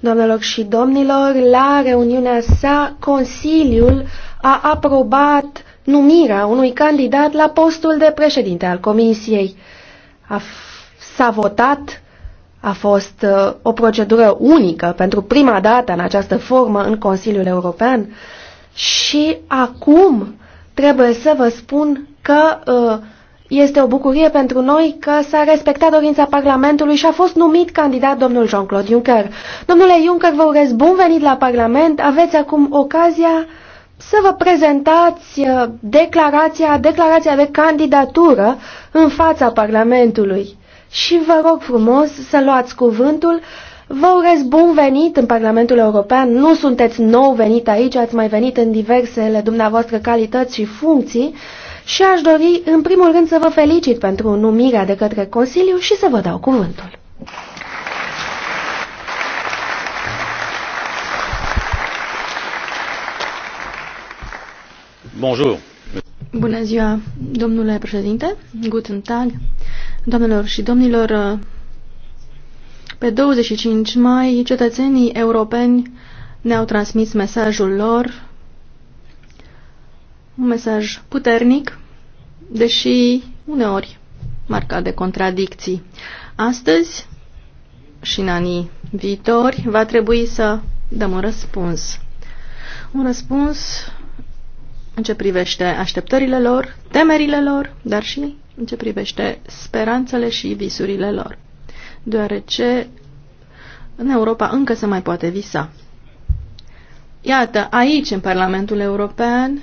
Doamnelor și domnilor, la reuniunea sa, Consiliul a aprobat numirea unui candidat la postul de președinte al Comisiei. S-a votat, a fost uh, o procedură unică pentru prima dată în această formă în Consiliul European și acum trebuie să vă spun că uh, este o bucurie pentru noi că s-a respectat dorința Parlamentului și a fost numit candidat domnul Jean-Claude Juncker. Domnule Juncker, vă urez bun venit la Parlament. Aveți acum ocazia să vă prezentați uh, declarația, declarația de candidatură în fața Parlamentului. Și vă rog frumos să luați cuvântul. Vă urez bun venit în Parlamentul European. Nu sunteți nou venit aici, ați mai venit în diversele dumneavoastră calități și funcții și aș dori în primul rând să vă felicit pentru numirea de către Consiliu și să vă dau cuvântul. Bonjour. Bună ziua, domnule președinte, guten tag, doamnelor și domnilor. Pe 25 mai, cetățenii europeni ne-au transmis mesajul lor un mesaj puternic, deși uneori marcat de contradicții. Astăzi și în anii viitori va trebui să dăm un răspuns. Un răspuns în ce privește așteptările lor, temerile lor, dar și în ce privește speranțele și visurile lor. Deoarece în Europa încă se mai poate visa. Iată, aici, în Parlamentul European,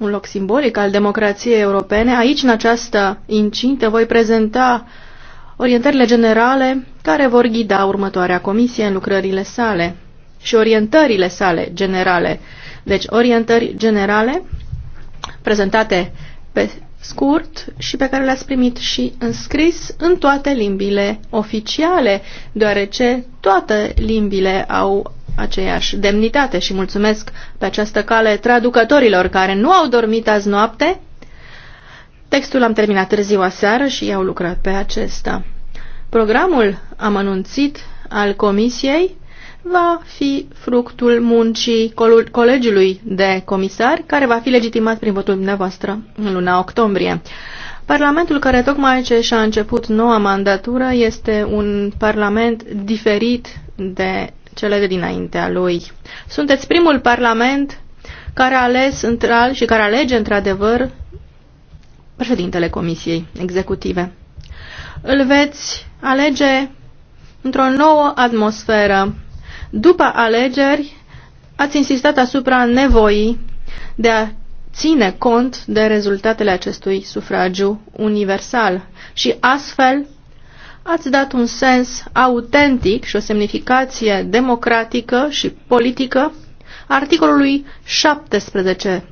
un loc simbolic al democrației europene. Aici, în această incintă, voi prezenta orientările generale care vor ghida următoarea comisie în lucrările sale și orientările sale generale. Deci, orientări generale prezentate pe scurt și pe care le-ați primit și înscris în toate limbile oficiale, deoarece toate limbile au aceeași demnitate și mulțumesc pe această cale traducătorilor care nu au dormit azi noapte. Textul am terminat târziu aseară și au lucrat pe acesta. Programul am anunțit al comisiei va fi fructul muncii colegiului de comisari, care va fi legitimat prin votul dumneavoastră în luna octombrie. Parlamentul care tocmai ce și-a început noua mandatură este un parlament diferit de cele de dinaintea lui. Sunteți primul parlament care a ales și care alege într-adevăr președintele Comisiei Executive. Îl veți alege într-o nouă atmosferă. După alegeri, ați insistat asupra nevoii de a ține cont de rezultatele acestui sufragiu universal și astfel ați dat un sens autentic și o semnificație democratică și politică articolului 17,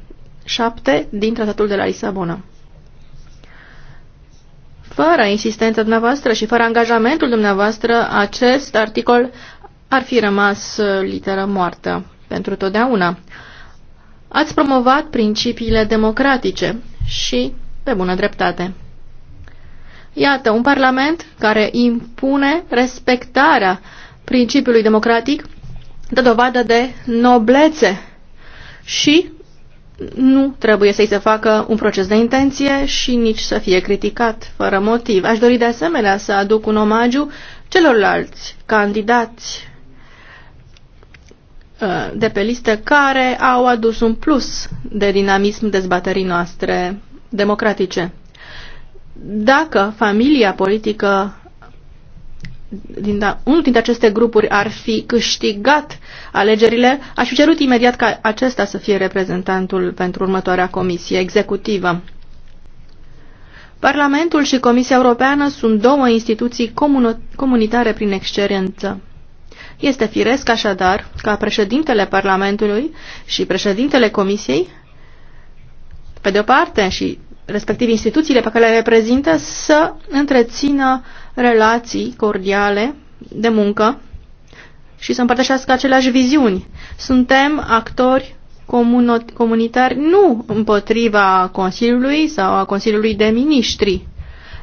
7 din Tratatul de la Lisabona. Fără insistența dumneavoastră și fără angajamentul dumneavoastră, acest articol ar fi rămas uh, literă moartă pentru totdeauna. Ați promovat principiile democratice și pe bună dreptate. Iată, un parlament care impune respectarea principiului democratic dă dovadă de noblețe și nu trebuie să-i se facă un proces de intenție și nici să fie criticat fără motiv. Aș dori de asemenea să aduc un omagiu celorlalți candidați uh, de pe listă care au adus un plus de dinamism dezbaterii noastre democratice dacă familia politică din da, unul dintre aceste grupuri ar fi câștigat alegerile, aș fi cerut imediat ca acesta să fie reprezentantul pentru următoarea comisie executivă. Parlamentul și Comisia Europeană sunt două instituții comunitare prin excelență. Este firesc așadar ca președintele Parlamentului și președintele Comisiei, pe de o parte, și respectiv instituțiile pe care le reprezintă, să întrețină relații cordiale de muncă și să împărtășească aceleași viziuni. Suntem actori comunitari nu împotriva Consiliului sau a Consiliului de Ministri.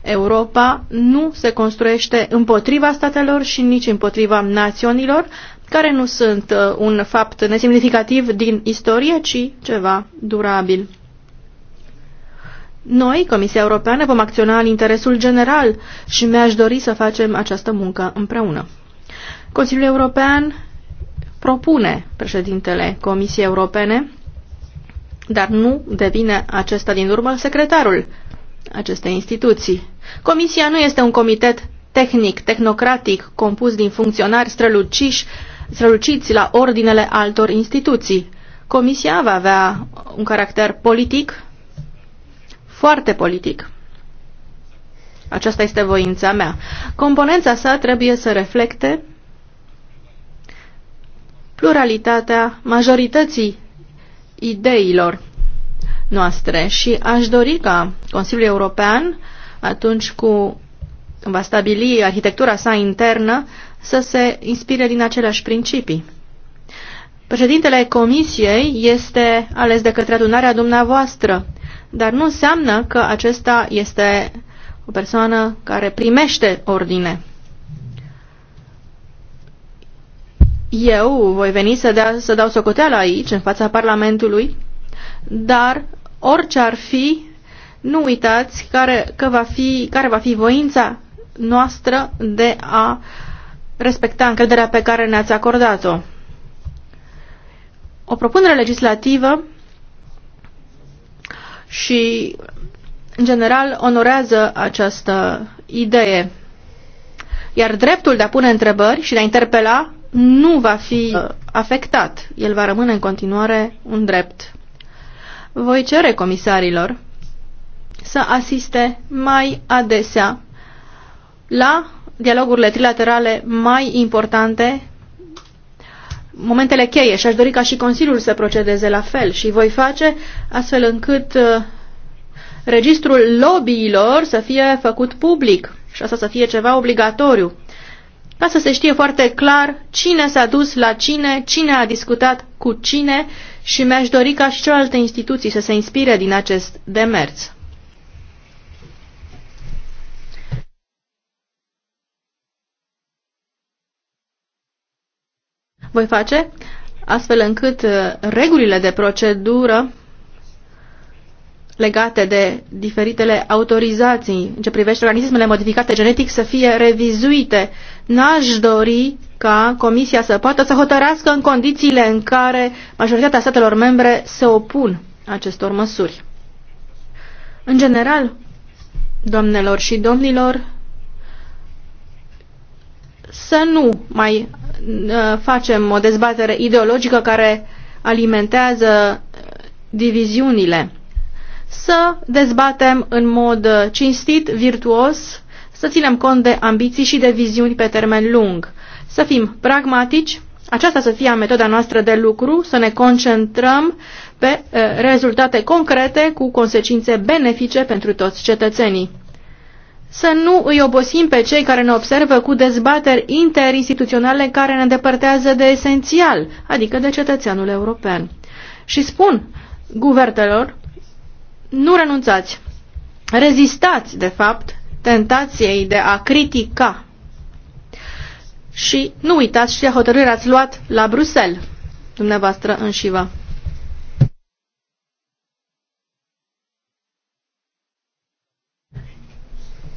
Europa nu se construiește împotriva statelor și nici împotriva națiunilor, care nu sunt uh, un fapt nesemnificativ din istorie, ci ceva durabil. Noi, Comisia Europeană, vom acționa în interesul general și mi-aș dori să facem această muncă împreună. Consiliul European propune președintele Comisiei Europene, dar nu devine acesta din urmă secretarul acestei instituții. Comisia nu este un comitet tehnic, tehnocratic, compus din funcționari străluciși, străluciți la ordinele altor instituții. Comisia va avea un caracter politic foarte politic. Aceasta este voința mea. Componența sa trebuie să reflecte pluralitatea majorității ideilor noastre și aș dori ca Consiliul European, atunci cu, când va stabili arhitectura sa internă, să se inspire din aceleași principii. Președintele Comisiei este ales de către adunarea dumneavoastră dar nu înseamnă că acesta este o persoană care primește ordine. Eu voi veni să, dea, să dau socoteală aici, în fața Parlamentului, dar orice ar fi, nu uitați care, că va fi, care va fi voința noastră de a respecta încrederea pe care ne-ați acordat-o. O propunere legislativă și, în general, onorează această idee. Iar dreptul de a pune întrebări și de a interpela nu va fi uh, afectat. El va rămâne în continuare un drept. Voi cere comisarilor să asiste mai adesea la dialogurile trilaterale mai importante momentele cheie și aș dori ca și Consiliul să procedeze la fel și voi face astfel încât uh, registrul lobbyilor să fie făcut public și asta să fie ceva obligatoriu ca să se știe foarte clar cine s-a dus la cine, cine a discutat cu cine și mi-aș dori ca și celelalte instituții să se inspire din acest demers. voi face, astfel încât uh, regulile de procedură legate de diferitele autorizații în ce privește organismele modificate genetic să fie revizuite. N-aș dori ca Comisia să poată să hotărească în condițiile în care majoritatea statelor membre se opun acestor măsuri. În general, doamnelor și domnilor, să nu mai uh, facem o dezbatere ideologică care alimentează uh, diviziunile. Să dezbatem în mod uh, cinstit, virtuos, să ținem cont de ambiții și de viziuni pe termen lung. Să fim pragmatici, aceasta să fie metoda noastră de lucru, să ne concentrăm pe rezultate concrete cu consecințe benefice pentru toți cetățenii să nu îi obosim pe cei care ne observă cu dezbateri interinstituționale care ne îndepărtează de esențial, adică de cetățeanul european. Și spun guvertelor, nu renunțați, rezistați, de fapt, tentației de a critica. Și nu uitați ce hotărâri ați luat la Bruxelles, dumneavoastră înșivă.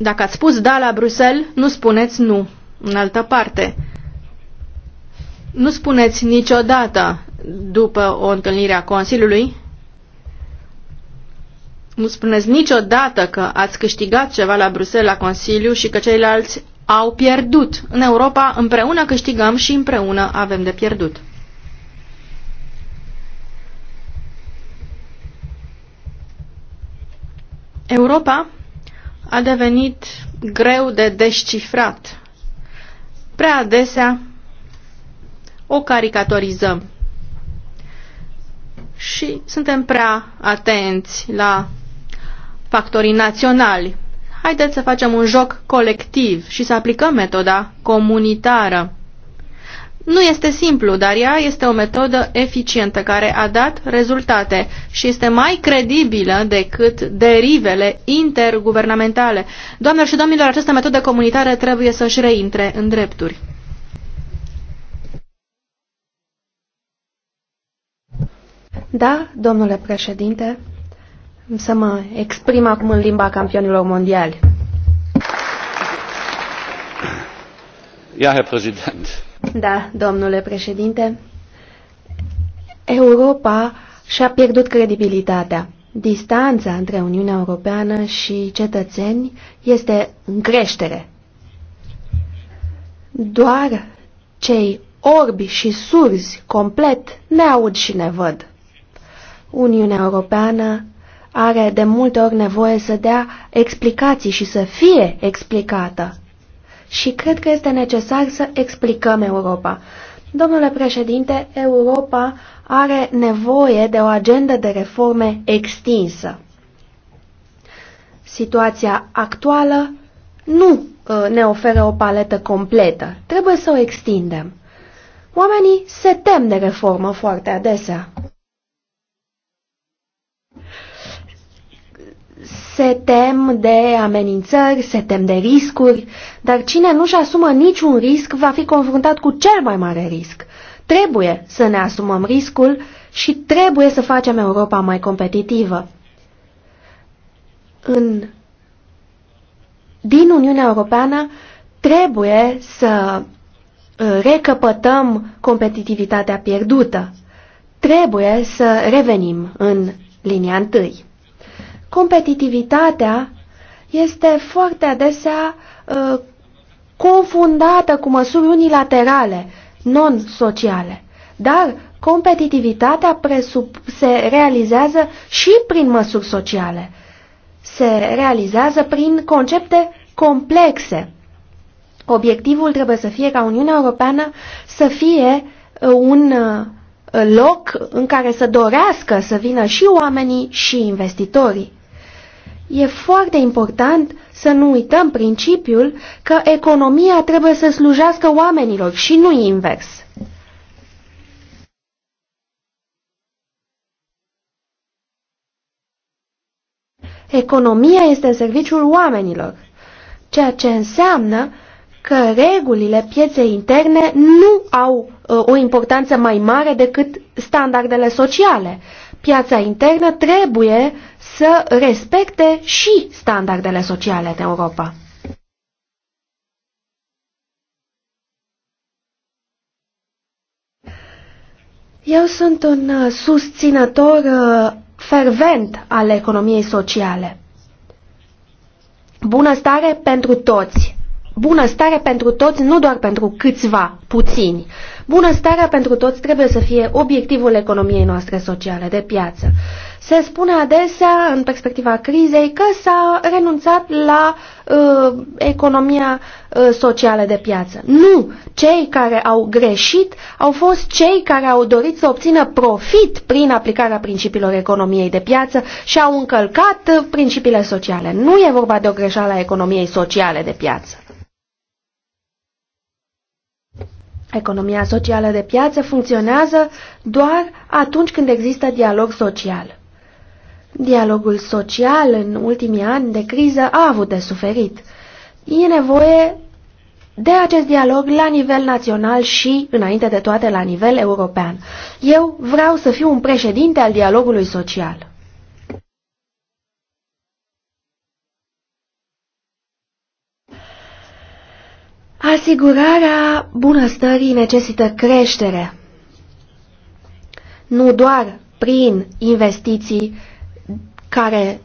Dacă ați spus da la Bruxelles, nu spuneți nu în altă parte. Nu spuneți niciodată după o întâlnire a Consiliului, nu spuneți niciodată că ați câștigat ceva la Bruxelles, la Consiliu și că ceilalți au pierdut. În Europa împreună câștigăm și împreună avem de pierdut. Europa a devenit greu de descifrat. Prea adesea o caricaturizăm și suntem prea atenți la factorii naționali. Haideți să facem un joc colectiv și să aplicăm metoda comunitară. Nu este simplu, dar ea este o metodă eficientă care a dat rezultate și este mai credibilă decât derivele interguvernamentale. Doamnelor și domnilor, această metodă comunitară trebuie să-și reintre în drepturi. Da, domnule președinte, să mă exprim acum în limba campionilor mondiali. Ja, Herr Präsident. Da, domnule președinte, Europa și-a pierdut credibilitatea. Distanța între Uniunea Europeană și cetățeni este în creștere. Doar cei orbi și surzi complet ne aud și ne văd. Uniunea Europeană are de multe ori nevoie să dea explicații și să fie explicată și cred că este necesar să explicăm Europa. Domnule președinte, Europa are nevoie de o agendă de reforme extinsă. Situația actuală nu ă, ne oferă o paletă completă. Trebuie să o extindem. Oamenii se tem de reformă foarte adesea. se tem de amenințări, se tem de riscuri, dar cine nu-și asumă niciun risc va fi confruntat cu cel mai mare risc. Trebuie să ne asumăm riscul și trebuie să facem Europa mai competitivă. În, din Uniunea Europeană trebuie să uh, recăpătăm competitivitatea pierdută. Trebuie să revenim în linia întâi. Competitivitatea este foarte adesea uh, confundată cu măsuri unilaterale, non-sociale. Dar competitivitatea se realizează și prin măsuri sociale. Se realizează prin concepte complexe. Obiectivul trebuie să fie ca Uniunea Europeană să fie uh, un uh, loc în care să dorească să vină și oamenii și investitorii. E foarte important să nu uităm principiul că economia trebuie să slujească oamenilor și nu invers. Economia este în serviciul oamenilor, ceea ce înseamnă că regulile pieței interne nu au uh, o importanță mai mare decât standardele sociale. Piața internă trebuie să respecte și standardele sociale în Europa. Eu sunt un uh, susținător uh, fervent al economiei sociale. Bunăstare pentru toți bunăstare pentru toți, nu doar pentru câțiva puțini. Bunăstarea pentru toți trebuie să fie obiectivul economiei noastre sociale de piață. Se spune adesea, în perspectiva crizei, că s-a renunțat la uh, economia uh, socială de piață. Nu! Cei care au greșit au fost cei care au dorit să obțină profit prin aplicarea principiilor economiei de piață și au încălcat uh, principiile sociale. Nu e vorba de o greșeală a economiei sociale de piață. Economia socială de piață funcționează doar atunci când există dialog social. Dialogul social în ultimii ani de criză a avut de suferit. E nevoie de acest dialog la nivel național și, înainte de toate, la nivel european. Eu vreau să fiu un președinte al dialogului social. Asigurarea bunăstării necesită creștere, nu doar prin investiții care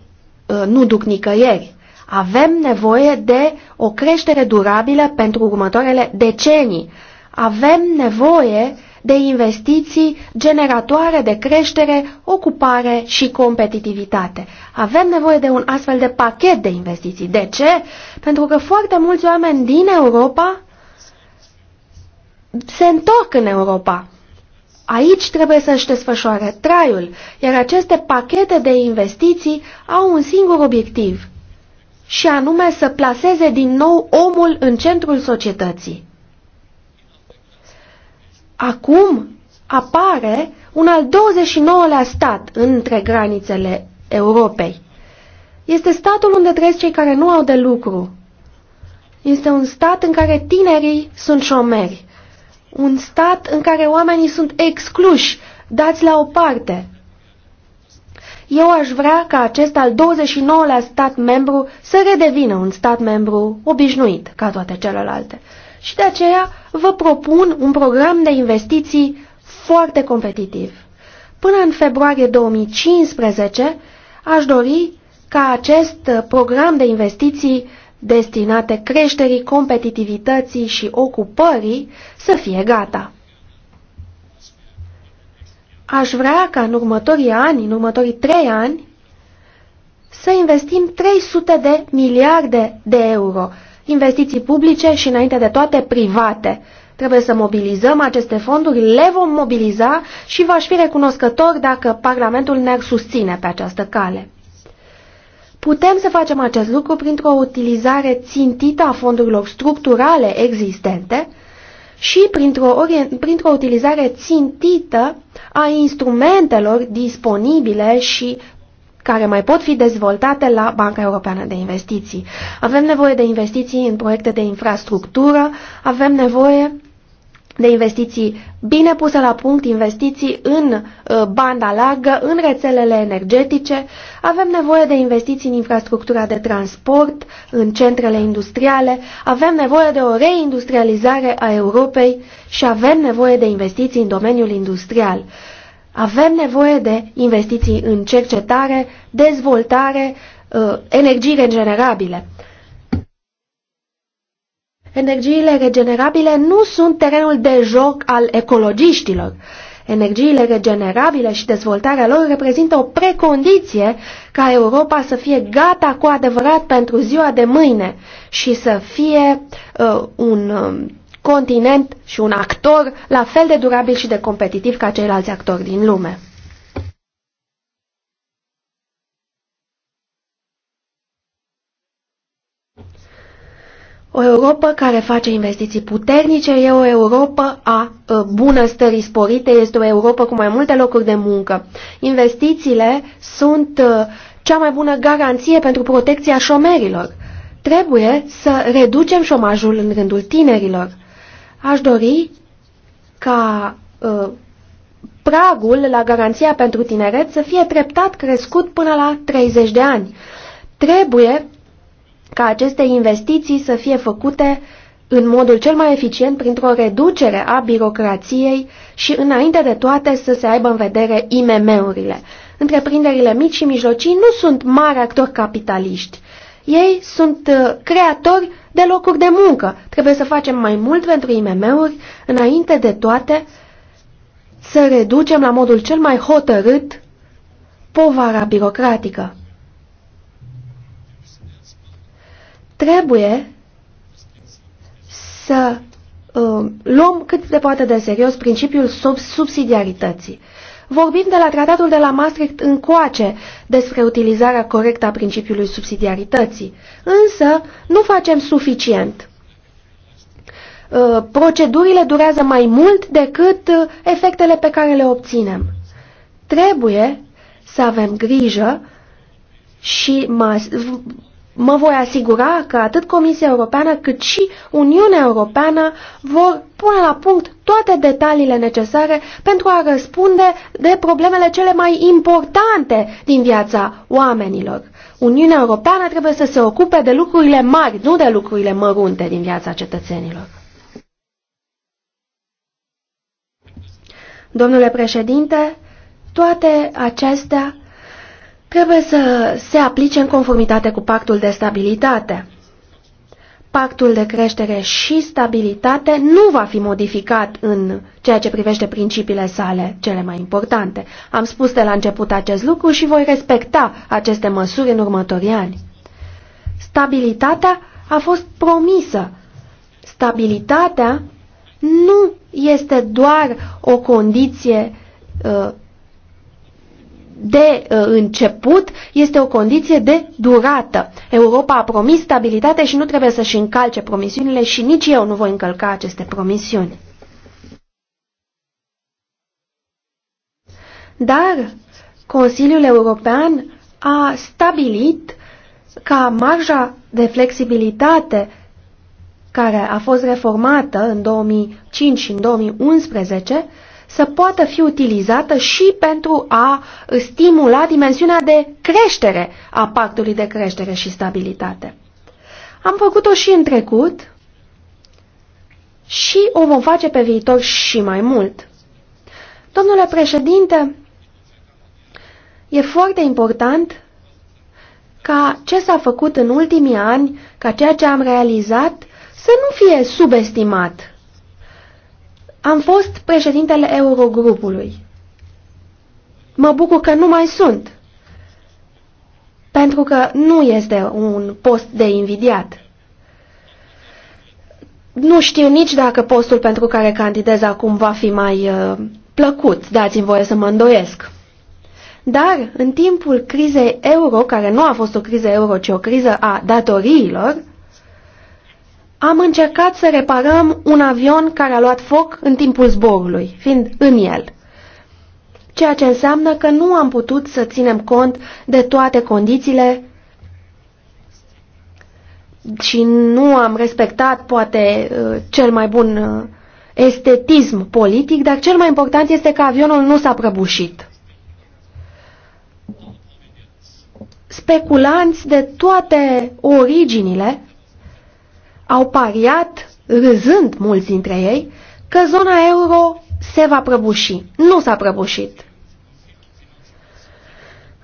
uh, nu duc nicăieri. Avem nevoie de o creștere durabilă pentru următoarele decenii. Avem nevoie uh, de investiții, generatoare de creștere, ocupare și competitivitate. Avem nevoie de un astfel de pachet de investiții. De ce? Pentru că foarte mulți oameni din Europa se întorc în Europa. Aici trebuie să-și desfășoare traiul, iar aceste pachete de investiții au un singur obiectiv, și anume să placeze din nou omul în centrul societății. Acum apare un al 29-lea stat între granițele Europei. Este statul unde trăiesc cei care nu au de lucru. Este un stat în care tinerii sunt șomeri. Un stat în care oamenii sunt excluși, dați la o parte. Eu aș vrea ca acest al 29-lea stat membru să redevină un stat membru obișnuit ca toate celelalte și de aceea vă propun un program de investiții foarte competitiv. Până în februarie 2015 aș dori ca acest program de investiții destinate creșterii, competitivității și ocupării să fie gata. Aș vrea ca în următorii ani, în următorii trei ani, să investim 300 de miliarde de euro investiții publice și, înainte de toate, private. Trebuie să mobilizăm aceste fonduri, le vom mobiliza și v-aș fi recunoscător dacă Parlamentul ne-ar susține pe această cale. Putem să facem acest lucru printr-o utilizare țintită a fondurilor structurale existente și printr-o, printr-o utilizare țintită a instrumentelor disponibile și care mai pot fi dezvoltate la Banca Europeană de Investiții. Avem nevoie de investiții în proiecte de infrastructură, avem nevoie de investiții bine puse la punct, investiții în uh, banda largă, în rețelele energetice. Avem nevoie de investiții în infrastructura de transport, în centrele industriale, avem nevoie de o reindustrializare a Europei și avem nevoie de investiții în domeniul industrial. Avem nevoie de investiții în cercetare, dezvoltare, uh, energii regenerabile. Energiile regenerabile nu sunt terenul de joc al ecologiștilor. Energiile regenerabile și dezvoltarea lor reprezintă o precondiție ca Europa să fie gata cu adevărat pentru ziua de mâine și să fie uh, un uh, continent și un actor la fel de durabil și de competitiv ca ceilalți actori din lume. O Europa care face investiții puternice e o Europa a ă, bunăstării sporite, este o Europa cu mai multe locuri de muncă. Investițiile sunt ă, cea mai bună garanție pentru protecția șomerilor. Trebuie să reducem șomajul în rândul tinerilor. Aș dori ca uh, pragul la garanția pentru tineret să fie treptat crescut până la 30 de ani. Trebuie ca aceste investiții să fie făcute în modul cel mai eficient printr-o reducere a birocrației și înainte de toate să se aibă în vedere IMM-urile. Întreprinderile mici și mijlocii nu sunt mari actori capitaliști. Ei sunt ă, creatori de locuri de muncă. Trebuie să facem mai mult pentru IMM-uri, înainte de toate să reducem la modul cel mai hotărât povara birocratică. Trebuie să uh, luăm cât de poate de serios principiul sub subsidiarității. Vorbim de la tratatul de la Maastricht încoace despre utilizarea corectă a principiului subsidiarității, însă nu facem suficient. Uh, procedurile durează mai mult decât uh, efectele pe care le obținem. Trebuie să avem grijă și mă voi asigura că atât Comisia Europeană cât și Uniunea Europeană vor pune la punct toate detaliile necesare pentru a răspunde de problemele cele mai importante din viața oamenilor. Uniunea Europeană trebuie să se ocupe de lucrurile mari, nu de lucrurile mărunte din viața cetățenilor. Domnule președinte, toate acestea trebuie să se aplice în conformitate cu pactul de stabilitate. Pactul de creștere și stabilitate nu va fi modificat în ceea ce privește principiile sale cele mai importante. Am spus de la început acest lucru și voi respecta aceste măsuri în următorii ani. Stabilitatea a fost promisă. Stabilitatea nu este doar o condiție uh, de uh, început este o condiție de durată. Europa a promis stabilitate și nu trebuie să-și încalce promisiunile și nici eu nu voi încălca aceste promisiuni. Dar Consiliul European a stabilit ca marja de flexibilitate care a fost reformată în 2005 și în 2011 să poată fi utilizată și pentru a stimula dimensiunea de creștere a pactului de creștere și stabilitate. Am făcut-o și în trecut și o vom face pe viitor și mai mult. Domnule președinte, e foarte important ca ce s-a făcut în ultimii ani, ca ceea ce am realizat, să nu fie subestimat am fost președintele Eurogrupului. Mă bucur că nu mai sunt, pentru că nu este un post de invidiat. Nu știu nici dacă postul pentru care candidez acum va fi mai uh, plăcut, dați-mi voie să mă îndoiesc. Dar, în timpul crizei euro, care nu a fost o criză euro, ci o criză a datoriilor, am încercat să reparăm un avion care a luat foc în timpul zborului, fiind în el. Ceea ce înseamnă că nu am putut să ținem cont de toate condițiile și nu am respectat poate uh, cel mai bun uh, estetism politic, dar cel mai important este că avionul nu s-a prăbușit. Speculanți de toate originile au pariat, râzând mulți dintre ei, că zona euro se va prăbuși. Nu s-a prăbușit.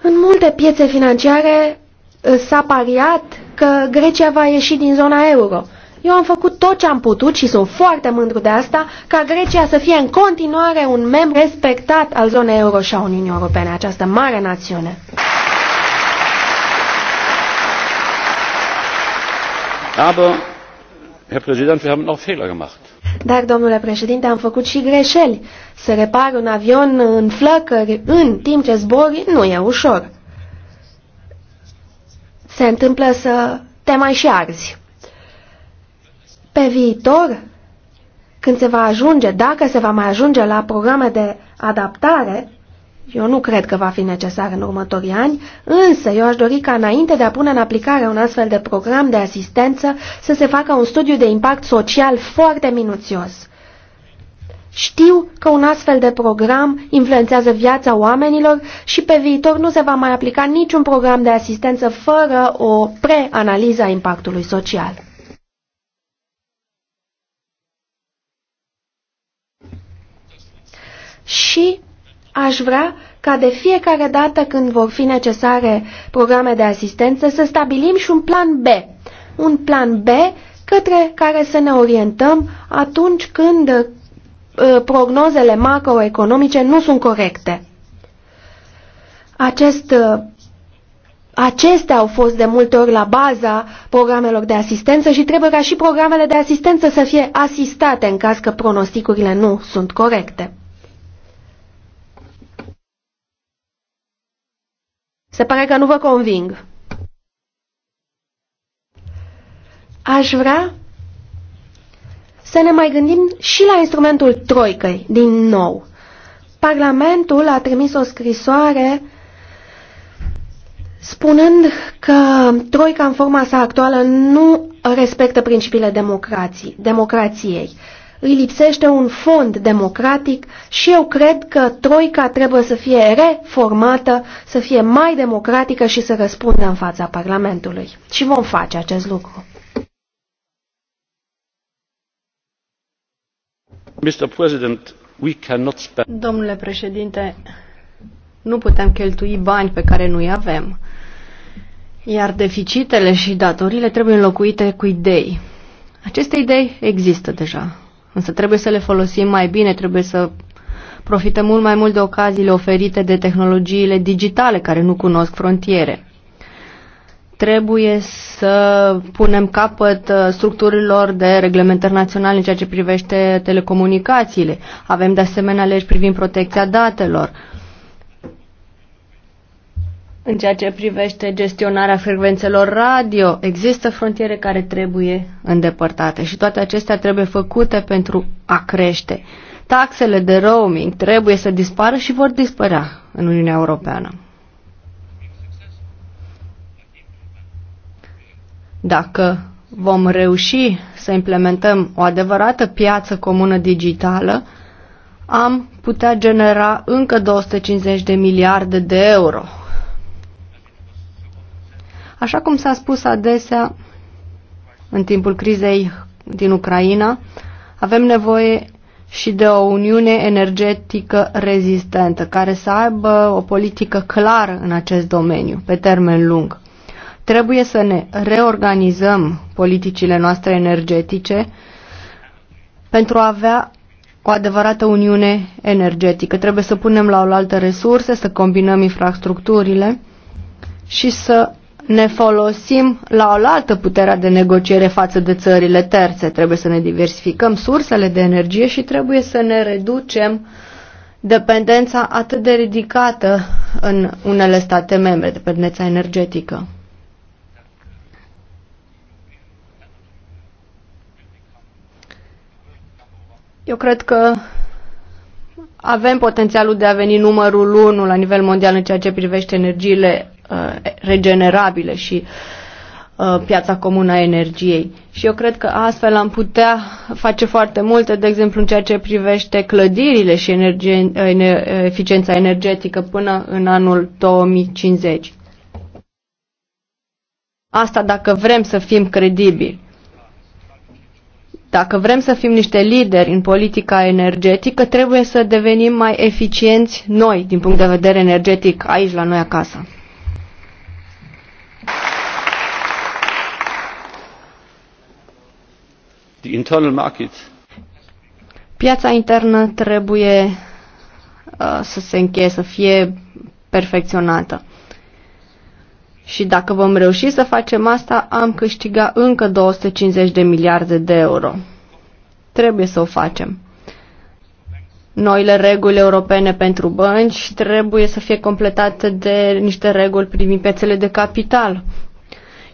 În multe piețe financiare eh, s-a pariat că Grecia va ieși din zona euro. Eu am făcut tot ce am putut și sunt foarte mândru de asta, ca Grecia să fie în continuare un membru respectat al zonei euro și a Uniunii Europene, această mare națiune. Aber dar, domnule președinte, am făcut și greșeli. Să repar un avion în flăcări în timp ce zbori nu e ușor. Se întâmplă să te mai și arzi. Pe viitor, când se va ajunge, dacă se va mai ajunge la programe de adaptare, eu nu cred că va fi necesar în următorii ani, însă eu aș dori ca înainte de a pune în aplicare un astfel de program de asistență să se facă un studiu de impact social foarte minuțios. Știu că un astfel de program influențează viața oamenilor și pe viitor nu se va mai aplica niciun program de asistență fără o preanaliză a impactului social. Și Aș vrea ca de fiecare dată când vor fi necesare programe de asistență să stabilim și un plan B. Un plan B către care să ne orientăm atunci când uh, prognozele macroeconomice nu sunt corecte. Acest, uh, acestea au fost de multe ori la baza programelor de asistență și trebuie ca și programele de asistență să fie asistate în caz că pronosticurile nu sunt corecte. Se pare că nu vă conving. Aș vrea să ne mai gândim și la instrumentul troicăi, din nou. Parlamentul a trimis o scrisoare spunând că troica în forma sa actuală nu respectă principiile democrației îi lipsește un fond democratic și eu cred că Troica trebuie să fie reformată, să fie mai democratică și să răspundă în fața Parlamentului. Și vom face acest lucru. Mr. President, we cannot spend... Domnule președinte, nu putem cheltui bani pe care nu-i avem. Iar deficitele și datorile trebuie înlocuite cu idei. Aceste idei există deja. Însă trebuie să le folosim mai bine, trebuie să profităm mult mai mult de ocaziile oferite de tehnologiile digitale care nu cunosc frontiere. Trebuie să punem capăt uh, structurilor de reglementări naționale în ceea ce privește telecomunicațiile. Avem de asemenea legi privind protecția datelor în ceea ce privește gestionarea frecvențelor radio, există frontiere care trebuie îndepărtate și toate acestea trebuie făcute pentru a crește. Taxele de roaming trebuie să dispară și vor dispărea în Uniunea Europeană. Dacă vom reuși să implementăm o adevărată piață comună digitală, am putea genera încă 250 de miliarde de euro Așa cum s-a spus adesea în timpul crizei din Ucraina, avem nevoie și de o uniune energetică rezistentă, care să aibă o politică clară în acest domeniu, pe termen lung. Trebuie să ne reorganizăm politicile noastre energetice pentru a avea o adevărată uniune energetică. Trebuie să punem la oaltă resurse, să combinăm infrastructurile și să ne folosim la oaltă puterea de negociere față de țările terțe. Trebuie să ne diversificăm sursele de energie și trebuie să ne reducem dependența atât de ridicată în unele state membre, dependența energetică. Eu cred că avem potențialul de a veni numărul 1 la nivel mondial în ceea ce privește energiile Uh, regenerabile și uh, piața comună a energiei. Și eu cred că astfel am putea face foarte multe, de exemplu, în ceea ce privește clădirile și energie, eficiența energetică până în anul 2050. Asta dacă vrem să fim credibili. Dacă vrem să fim niște lideri în politica energetică, trebuie să devenim mai eficienți noi din punct de vedere energetic aici la noi acasă. The internal market. Piața internă trebuie uh, să se încheie, să fie perfecționată. Și dacă vom reuși să facem asta, am câștigat încă 250 de miliarde de euro. Trebuie să o facem. Noile reguli europene pentru bănci trebuie să fie completate de niște reguli privind piețele de capital,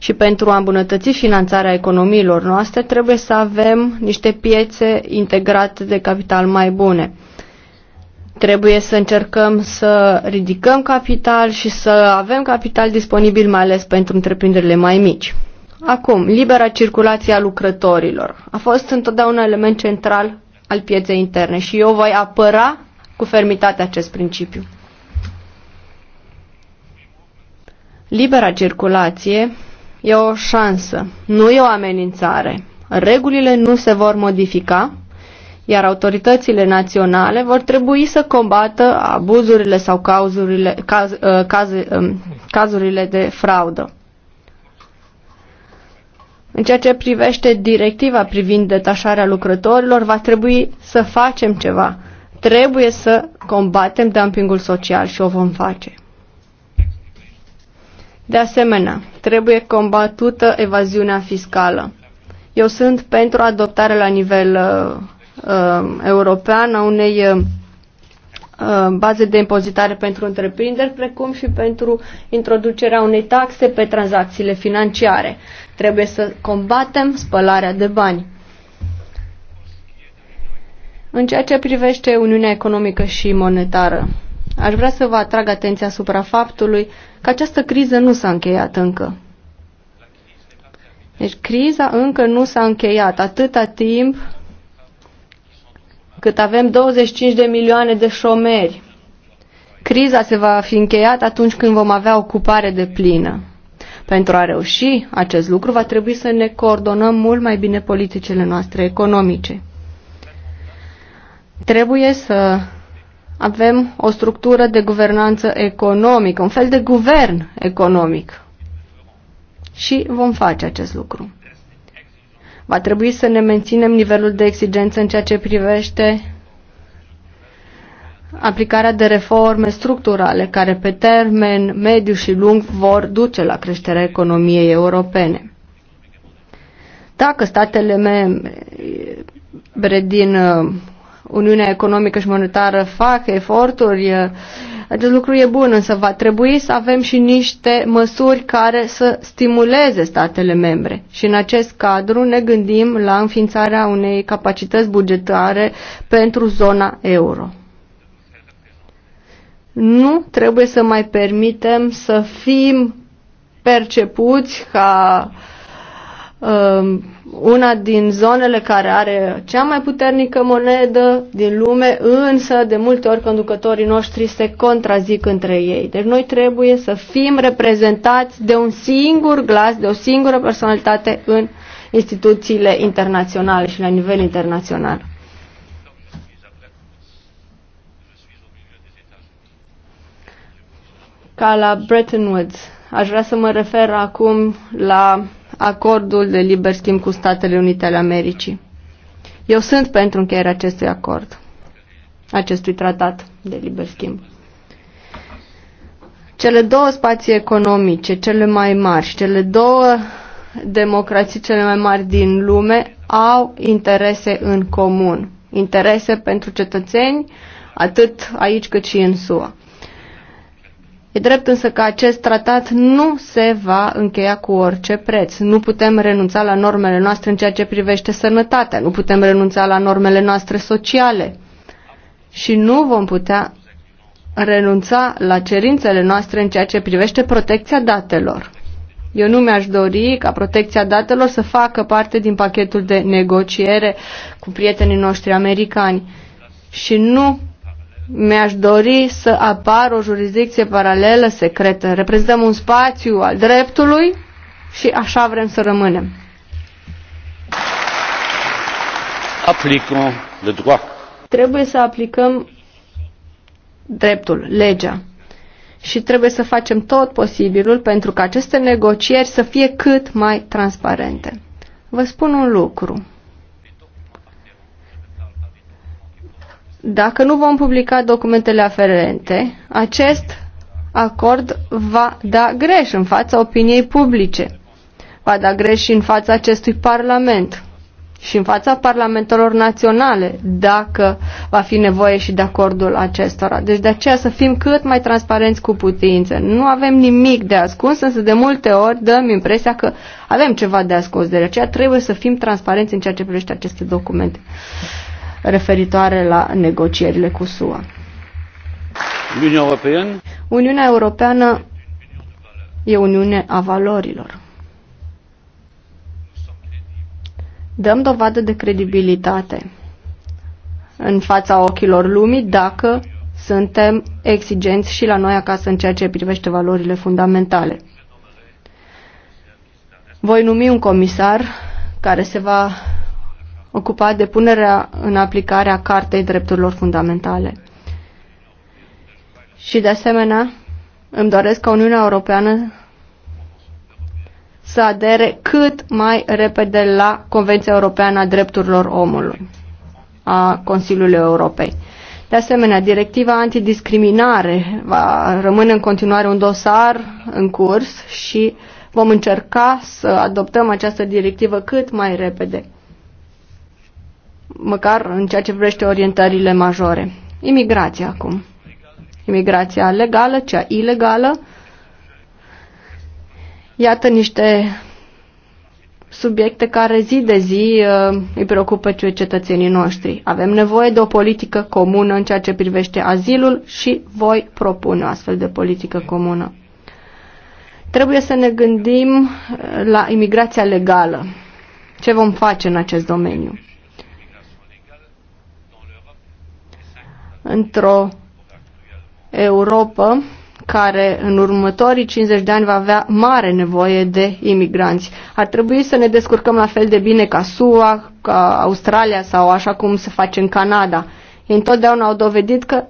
și pentru a îmbunătăți finanțarea economiilor noastre, trebuie să avem niște piețe integrate de capital mai bune. Trebuie să încercăm să ridicăm capital și să avem capital disponibil mai ales pentru întreprinderile mai mici. Acum, libera circulație a lucrătorilor a fost întotdeauna un element central al pieței interne și eu voi apăra cu fermitate acest principiu. Libera circulație E o șansă, nu e o amenințare. Regulile nu se vor modifica, iar autoritățile naționale vor trebui să combată abuzurile sau cazurile, caz, uh, caz, um, cazurile de fraudă. În ceea ce privește directiva privind detașarea lucrătorilor, va trebui să facem ceva. Trebuie să combatem dumpingul social și o vom face. De asemenea, trebuie combatută evaziunea fiscală. Eu sunt pentru adoptarea la nivel uh, uh european a unei uh, uh, baze de impozitare pentru întreprinderi, precum și pentru introducerea unei taxe pe tranzacțiile financiare. Trebuie să combatem spălarea de bani. În ceea ce privește Uniunea Economică și Monetară, Aș vrea să vă atrag atenția asupra faptului că această criză nu s-a încheiat încă. Deci criza încă nu s-a încheiat. Atâta timp cât avem 25 de milioane de șomeri. Criza se va fi încheiat atunci când vom avea ocupare de plină. Pentru a reuși acest lucru, va trebui să ne coordonăm mult mai bine politicile noastre economice. Trebuie să avem o structură de guvernanță economică, un fel de guvern economic. Și vom face acest lucru. Va trebui să ne menținem nivelul de exigență în ceea ce privește aplicarea de reforme structurale care pe termen mediu și lung vor duce la creșterea economiei europene. Dacă statele membre din uh, Uniunea Economică și Monetară fac eforturi. Acest lucru e bun, însă va trebui să avem și niște măsuri care să stimuleze statele membre. Și în acest cadru ne gândim la înființarea unei capacități bugetare pentru zona euro. Nu trebuie să mai permitem să fim percepuți ca um, una din zonele care are cea mai puternică monedă din lume, însă de multe ori conducătorii noștri se contrazic între ei. Deci noi trebuie să fim reprezentați de un singur glas, de o singură personalitate în instituțiile internaționale și la nivel internațional. Ca la Bretton Woods. Aș vrea să mă refer acum la acordul de liber schimb cu Statele Unite ale Americii. Eu sunt pentru încheierea acestui acord, acestui tratat de liber schimb. Cele două spații economice, cele mai mari și cele două democrații cele mai mari din lume au interese în comun. Interese pentru cetățeni, atât aici cât și în SUA. E drept însă că acest tratat nu se va încheia cu orice preț. Nu putem renunța la normele noastre în ceea ce privește sănătatea, nu putem renunța la normele noastre sociale și nu vom putea renunța la cerințele noastre în ceea ce privește protecția datelor. Eu nu mi-aș dori ca protecția datelor să facă parte din pachetul de negociere cu prietenii noștri americani și nu mi-aș dori să apară o jurisdicție paralelă, secretă. Reprezentăm un spațiu al dreptului și așa vrem să rămânem. Aplicăm le droit. Trebuie să aplicăm dreptul, legea. Și trebuie să facem tot posibilul pentru ca aceste negocieri să fie cât mai transparente. Vă spun un lucru. Dacă nu vom publica documentele aferente, acest acord va da greș în fața opiniei publice, va da greș și în fața acestui Parlament și în fața parlamentelor naționale, dacă va fi nevoie și de acordul acestora. Deci de aceea să fim cât mai transparenți cu putință. Nu avem nimic de ascuns, însă de multe ori dăm impresia că avem ceva de ascuns. De aceea trebuie să fim transparenți în ceea ce privește aceste documente referitoare la negocierile cu SUA. Uniunea Europeană Uniunea Europeană e Uniune a valorilor. Dăm dovadă de credibilitate în fața ochilor lumii dacă suntem exigenți și la noi acasă în ceea ce privește valorile fundamentale. Voi numi un comisar care se va ocupat de punerea în aplicare a Cartei Drepturilor Fundamentale. Și de asemenea, îmi doresc ca Uniunea Europeană să adere cât mai repede la Convenția Europeană a Drepturilor Omului a Consiliului Europei. De asemenea, directiva antidiscriminare va rămâne în continuare un dosar în curs și vom încerca să adoptăm această directivă cât mai repede măcar în ceea ce privește orientările majore. Imigrația acum. Imigrația legală, cea ilegală. Iată niște subiecte care zi de zi uh, îi preocupă pe cetățenii noștri. Avem nevoie de o politică comună în ceea ce privește azilul și voi propune o astfel de politică comună. Trebuie să ne gândim uh, la imigrația legală. Ce vom face în acest domeniu? într-o Europa care în următorii 50 de ani va avea mare nevoie de imigranți. Ar trebui să ne descurcăm la fel de bine ca SUA, ca Australia sau așa cum se face în Canada. Ei întotdeauna au dovedit că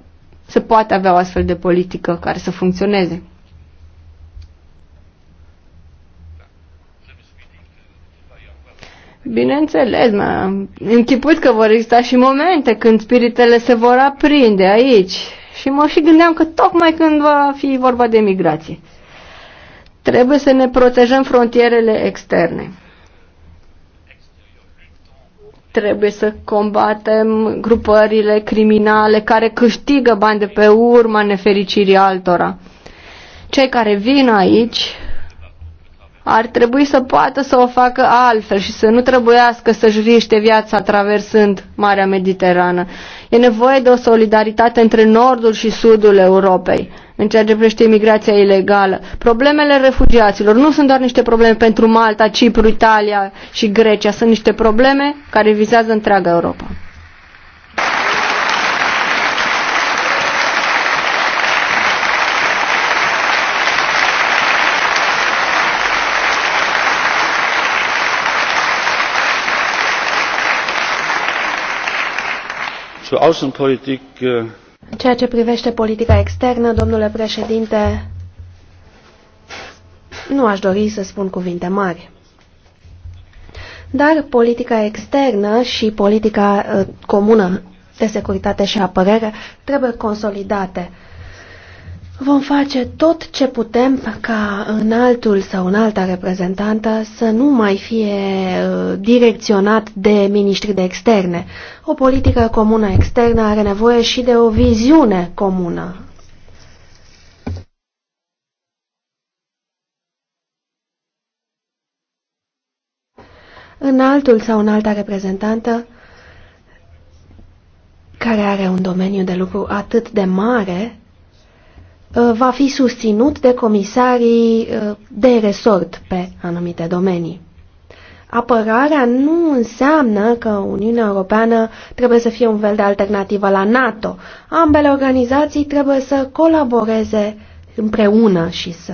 se poate avea o astfel de politică care să funcționeze. Bineînțeles, mă închipuit că vor exista și momente când spiritele se vor aprinde aici. Și mă și gândeam că tocmai când va fi vorba de migrație. Trebuie să ne protejăm frontierele externe. Trebuie să combatem grupările criminale care câștigă bani de pe urma nefericirii altora. Cei care vin aici ar trebui să poată să o facă altfel și să nu trebuiască să-și riște viața traversând Marea Mediterană. E nevoie de o solidaritate între nordul și sudul Europei în ceea ce privește imigrația ilegală. Problemele refugiaților nu sunt doar niște probleme pentru Malta, Cipru, Italia și Grecia, sunt niște probleme care vizează întreaga Europa. Äh, În ceea ce privește politica externă, domnule președinte, nu aș dori să spun cuvinte mari. Dar politica externă și politica uh, comună de securitate și apărare trebuie consolidate. Vom face tot ce putem ca altul sau alta reprezentantă să nu mai fie uh, direcționat de miniștri de externe. O politică comună externă are nevoie și de o viziune comună. altul sau alta reprezentantă care are un domeniu de lucru atât de mare Uh, va fi susținut de comisarii uh, de resort pe anumite domenii. Apărarea nu înseamnă că Uniunea Europeană trebuie să fie un fel de alternativă la NATO. Ambele organizații trebuie să colaboreze împreună și să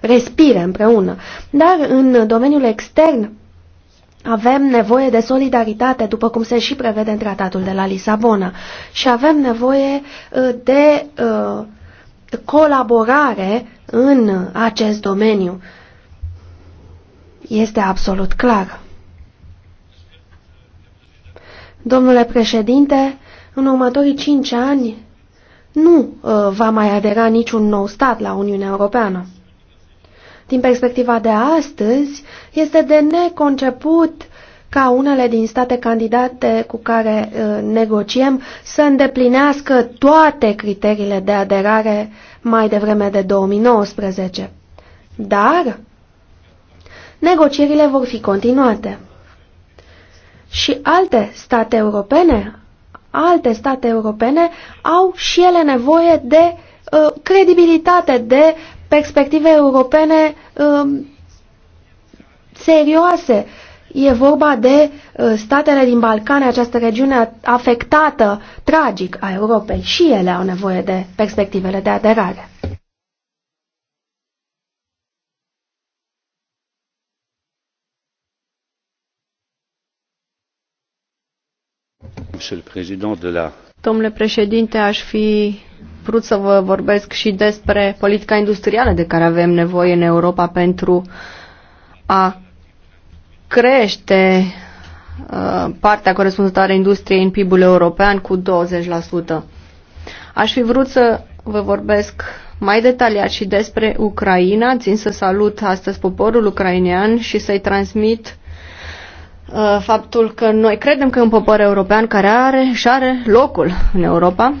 respire împreună. Dar în domeniul extern avem nevoie de solidaritate, după cum se și prevede în tratatul de la Lisabona. Și avem nevoie uh, de uh, colaborare în acest domeniu. Este absolut clar. Domnule președinte, în următorii cinci ani nu uh, va mai adera niciun nou stat la Uniunea Europeană. Din perspectiva de astăzi, este de neconceput ca unele din state candidate cu care uh, negociem să îndeplinească toate criteriile de aderare mai devreme de 2019. Dar negocierile vor fi continuate. Și alte state europene, alte state europene au și ele nevoie de uh, credibilitate, de perspective europene uh, serioase. Uh, E vorba de uh, statele din Balcane, această regiune afectată tragic a Europei. Și ele au nevoie de perspectivele de aderare. Domnule președinte, aș fi vrut să vă vorbesc și despre politica industrială de care avem nevoie în Europa pentru a crește uh, partea corespunzătoare industriei în PIB-ul european cu 20%. Aș fi vrut să vă vorbesc mai detaliat și despre Ucraina. Țin să salut astăzi poporul ucrainean și să-i transmit uh, faptul că noi credem că e un popor european care are și are locul în Europa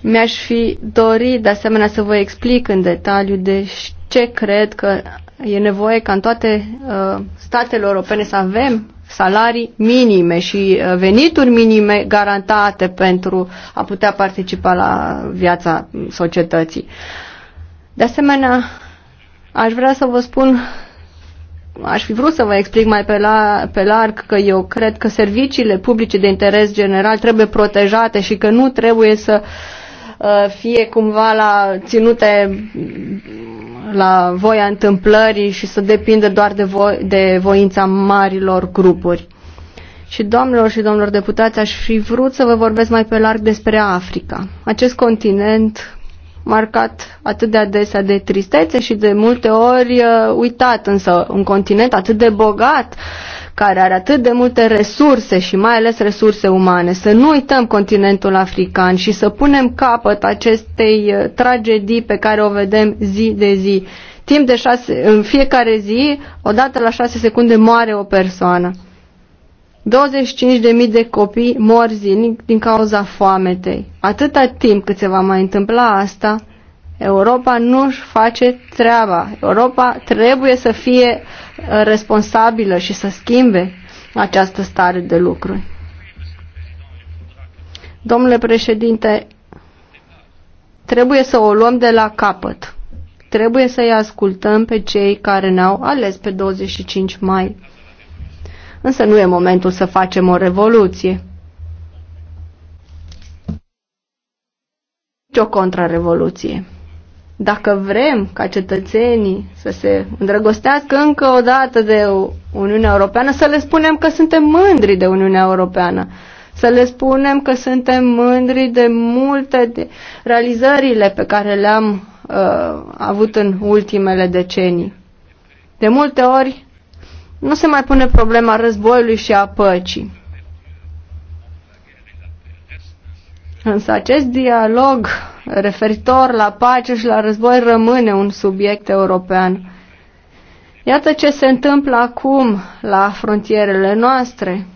Mi-aș fi dorit de asemenea să vă explic în detaliu de ce cred că e nevoie ca în toate uh, statele europene să avem salarii minime și uh, venituri minime garantate pentru a putea participa la viața societății. De asemenea, aș vrea să vă spun aș fi vrut să vă explic mai pe, la, pe larg că eu cred că serviciile publice de interes general trebuie protejate și că nu trebuie să uh, fie cumva la ținute la voia întâmplării și să depindă doar de, vo- de voința marilor grupuri. Și doamnelor și domnilor deputați, aș fi vrut să vă vorbesc mai pe larg despre Africa. Acest continent marcat atât de adesea de tristețe și de multe ori uh, uitat, însă un continent atât de bogat, care are atât de multe resurse și mai ales resurse umane. Să nu uităm continentul african și să punem capăt acestei uh, tragedii pe care o vedem zi de zi. Timp de șase, în fiecare zi, odată la șase secunde, moare o persoană. 25.000 de copii mor zilnic din cauza foametei. Atâta timp cât se va mai întâmpla asta, Europa nu își face treaba. Europa trebuie să fie uh, responsabilă și să schimbe această stare de lucruri. Domnule președinte, trebuie să o luăm de la capăt. Trebuie să-i ascultăm pe cei care ne-au ales pe 25 mai însă nu e momentul să facem o revoluție. Nici o contrarevoluție. Dacă vrem ca cetățenii să se îndrăgostească încă o dată de Uniunea Europeană, să le spunem că suntem mândri de Uniunea Europeană să le spunem că suntem mândri de multe de realizările pe care le-am uh, avut în ultimele decenii. De multe ori nu se mai pune problema războiului și a păcii. Însă acest dialog referitor la pace și la război rămâne un subiect european. Iată ce se întâmplă acum la frontierele noastre.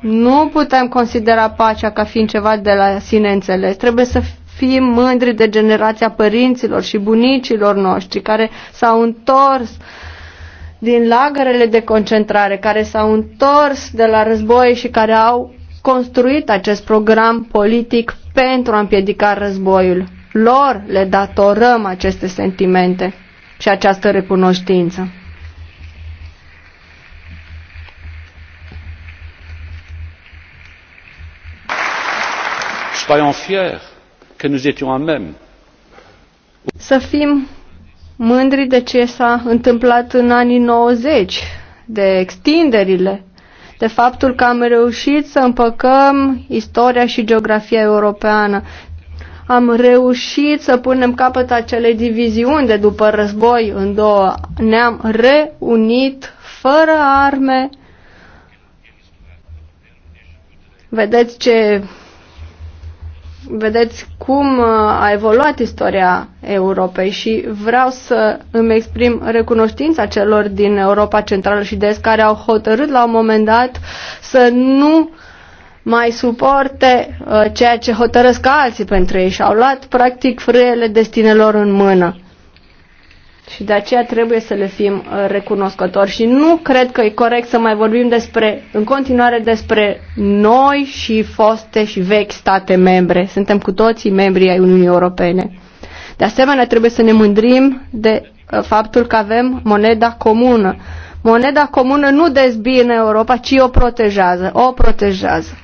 Nu putem considera pacea ca fiind ceva de la sine înțeles. Trebuie să fim mândri de generația părinților și bunicilor noștri care s-au întors uh, din lagărele de concentrare care s-au întors de la război și care au construit acest program politic pentru a împiedica războiul. Lor le datorăm aceste sentimente și această recunoștință. Soyons fiers que nous étions à même. Să fim mândri de ce s-a întâmplat în anii 90, de extinderile, de faptul că am reușit să împăcăm istoria și geografia europeană. Am reușit să punem capăt acele diviziuni de după război în două. Ne-am reunit fără arme. Vedeți ce vedeți cum uh, a evoluat istoria Europei și vreau să îmi exprim recunoștința celor din Europa Centrală și de Est care au hotărât la un moment dat să nu mai suporte uh, ceea ce hotărăsc alții pentru ei și au luat practic frâiele destinelor în mână și de aceea trebuie să le fim uh, recunoscători și nu cred că e corect să mai vorbim despre, în continuare despre noi și foste și vechi state membre. Suntem cu toții membrii ai Uniunii Europene. De asemenea, trebuie să ne mândrim de uh, faptul că avem moneda comună. Moneda comună nu dezbine Europa, ci o protejează. O protejează.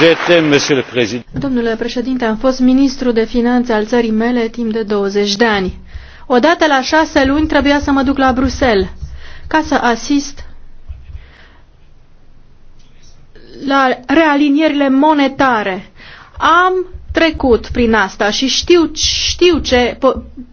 j'étais Domnule președinte, am fost ministru de finanțe al țării mele timp de 20 de ani. Odată la șase luni trebuia să mă duc la Bruxelles ca să asist la realinierile monetare. Am trecut prin asta și știu, știu ce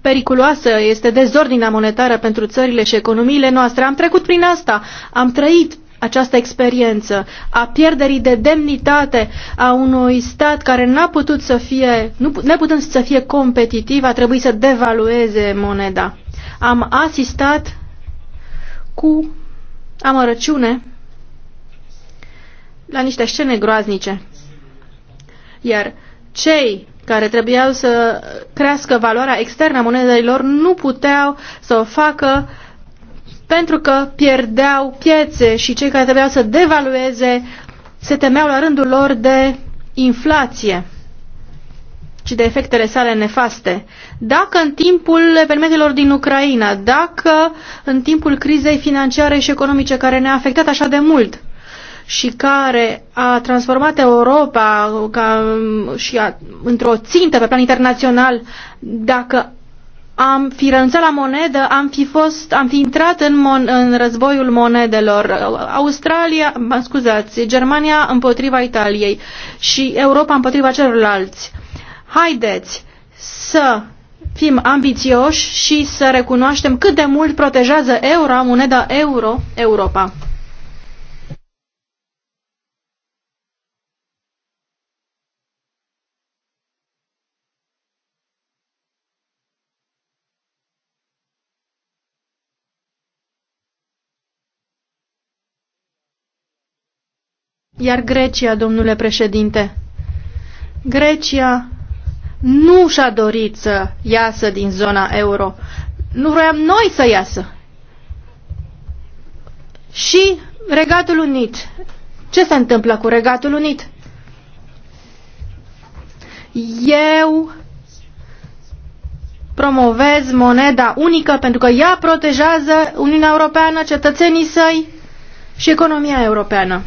periculoasă este dezordinea monetară pentru țările și economiile noastre. Am trecut prin asta, am trăit această experiență a pierderii de demnitate a unui stat care n-a putut să fie, nu, neputând să fie competitiv, a trebuit să devalueze moneda. Am asistat cu amărăciune la niște scene groaznice. Iar cei care trebuiau să crească valoarea externă a lor nu puteau să o facă pentru că pierdeau piețe și cei care trebuiau să devalueze se temeau la rândul lor de inflație și de efectele sale nefaste. Dacă în timpul evenimentelor din Ucraina, dacă în timpul crizei financiare și economice care ne-a afectat așa de mult, și care a transformat Europa ca, și a, într-o țintă pe plan internațional, dacă am fi renunțat la monedă, am fi, fost, am fi intrat în, mon, în războiul monedelor. Australia, mă scuzați, Germania împotriva Italiei și Europa împotriva celorlalți. Haideți să fim ambițioși și să recunoaștem cât de mult protejează euro, moneda euro, Europa. Iar Grecia, domnule președinte, Grecia nu și-a dorit să iasă din zona euro. Nu vroiam noi să iasă. Și Regatul Unit. Ce se întâmplă cu Regatul Unit? Eu promovez moneda unică pentru că ea protejează Uniunea Europeană, cetățenii săi și economia europeană.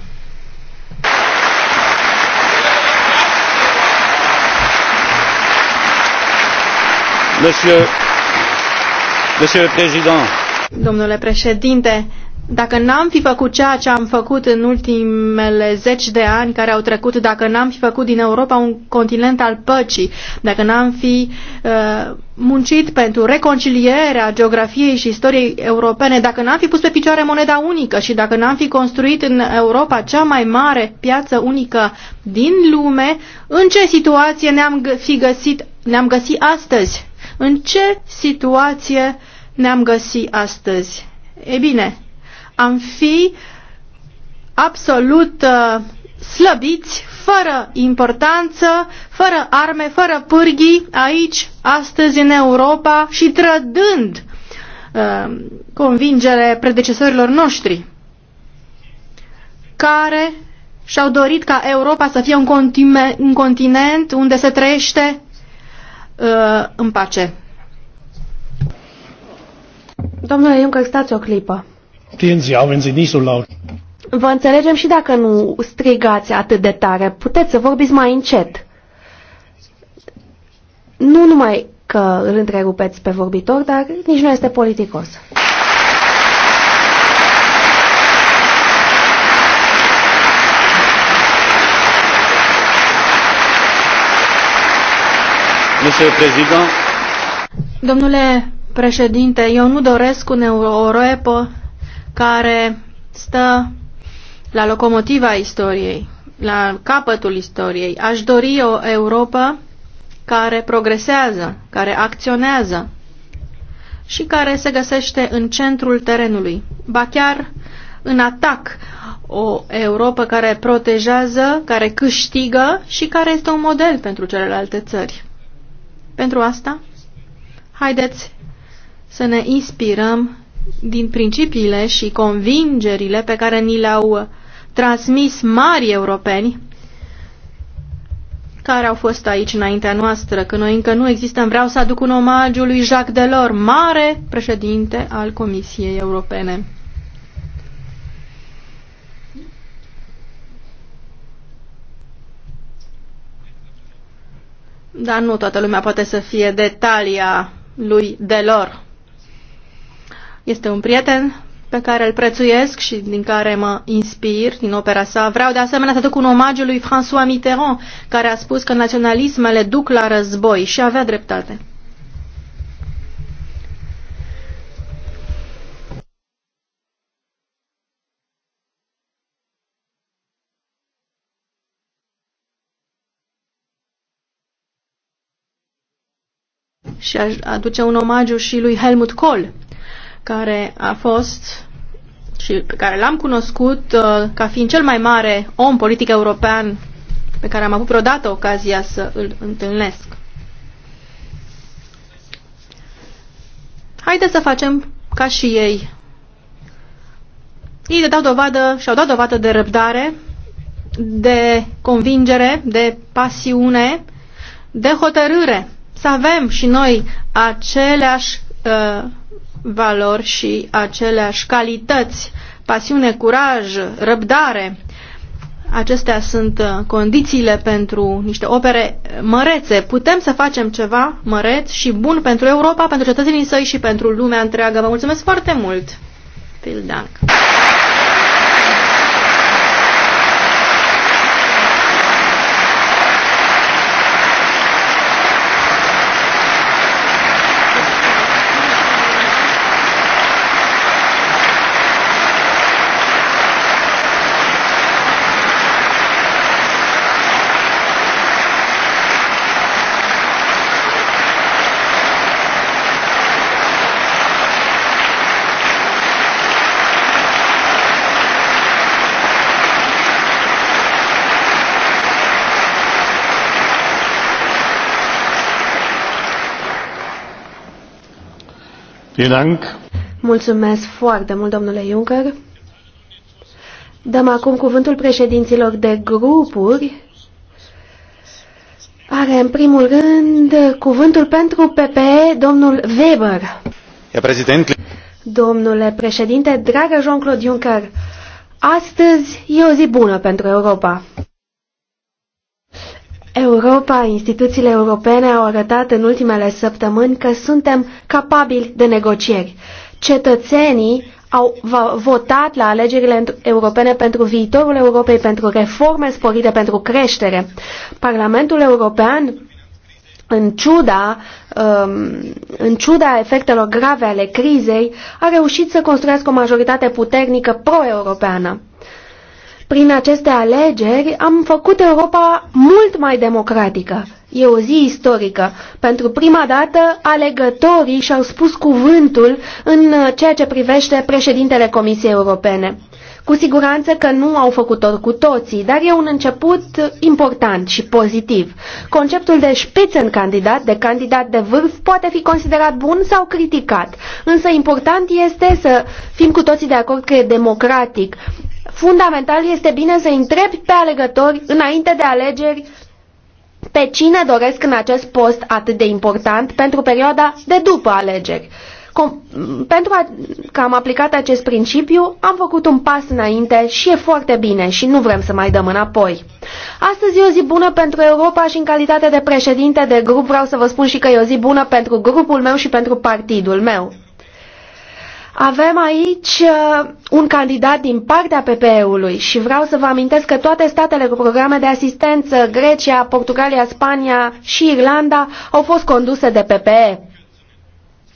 Domnule președinte, dacă n-am fi făcut ceea ce am făcut în ultimele zeci de ani care au trecut, dacă n-am fi făcut din Europa un continent al păcii, dacă n-am fi uh, muncit pentru reconcilierea geografiei și istoriei europene, dacă n-am fi pus pe picioare moneda unică și dacă n-am fi construit în Europa cea mai mare piață unică din lume, în ce situație ne-am fi găsit, ne-am găsit astăzi? În ce situație ne-am găsit astăzi? E bine, am fi absolut uh, slăbiți, fără importanță, fără arme, fără pârghii, aici, astăzi, în Europa și trădând uh, convingere predecesorilor noștri care și-au dorit ca Europa să fie un, continent unde se trăiește uh, în pace. Domnule Juncker, stați o clipă. Vă înțelegem și dacă nu strigați atât de tare. Puteți să vorbiți mai încet. Nu numai că îl întrerupeți pe vorbitor, dar nici nu este politicos. Domnule președinte, eu nu doresc un Europa care stă la locomotiva istoriei, la capătul istoriei. Aș dori o Europa care progresează, care acționează și care se găsește în centrul terenului, ba chiar în atac o Europa care protejează, care câștigă și care este un model pentru celelalte țări. Pentru asta, haideți să ne inspirăm din principiile și convingerile pe care ni le-au transmis mari europeni care au fost aici înaintea noastră, că noi încă nu existăm. Vreau să aduc un omagiu lui Jacques Delors, mare președinte al Comisiei Europene. Dar nu toată lumea poate să fie detalia lui Delor. Este un prieten pe care îl prețuiesc și din care mă inspir din opera sa. Vreau de asemenea să duc un omagiu lui François Mitterrand, care a spus că naționalismele duc la război și avea dreptate. și aduce un omagiu și lui Helmut Kohl, care a fost și pe care l-am cunoscut uh, ca fiind cel mai mare om politic european pe care am avut vreodată ocazia să îl întâlnesc. Haideți să facem ca și ei. Ei dau dovadă și au dat dovadă de răbdare, de convingere, de pasiune, de hotărâre să avem și noi aceleași uh, valori și aceleași calități, pasiune, curaj, răbdare. Acestea sunt uh, condițiile pentru niște opere mărețe. Putem să facem ceva măreț și bun pentru Europa, pentru cetățenii săi și pentru lumea întreagă. Vă mulțumesc foarte mult! Vielen Dank! Mulțumesc foarte mult, domnule Juncker. Dăm acum cuvântul președinților de grupuri. Are în primul rând cuvântul pentru PPE, domnul Weber. Domnule președinte, dragă Jean-Claude Juncker, astăzi e o zi bună pentru Europa. Europa, instituțiile europene au arătat în ultimele săptămâni că suntem capabili de negocieri. Cetățenii au votat la alegerile europene pentru viitorul Europei, pentru reforme sporite, pentru creștere. Parlamentul European, în ciuda, um, în ciuda efectelor grave ale crizei, a reușit să construiască o majoritate puternică pro-europeană. Prin aceste alegeri am făcut Europa mult mai democratică. E o zi istorică. Pentru prima dată, alegătorii și-au spus cuvântul în ceea ce privește președintele Comisiei Europene. Cu siguranță că nu au făcut-o cu toții, dar e un început important și pozitiv. Conceptul de în candidat, de candidat de vârf, poate fi considerat bun sau criticat, însă important este să fim cu toții de acord că e democratic fundamental este bine să întrebi pe alegători înainte de alegeri pe cine doresc în acest post atât de important pentru perioada de după alegeri. Com pentru a, că am aplicat acest principiu, am făcut un pas înainte și e foarte bine și nu vrem să mai dăm înapoi. Astăzi e o zi bună pentru Europa și în calitate de președinte de grup vreau să vă spun și că e o zi bună pentru grupul meu și pentru partidul meu. Avem aici uh, un candidat din partea PPE-ului și vreau să vă amintesc că toate statele cu programe de asistență, Grecia, Portugalia, Spania și Irlanda, au fost conduse de PPE.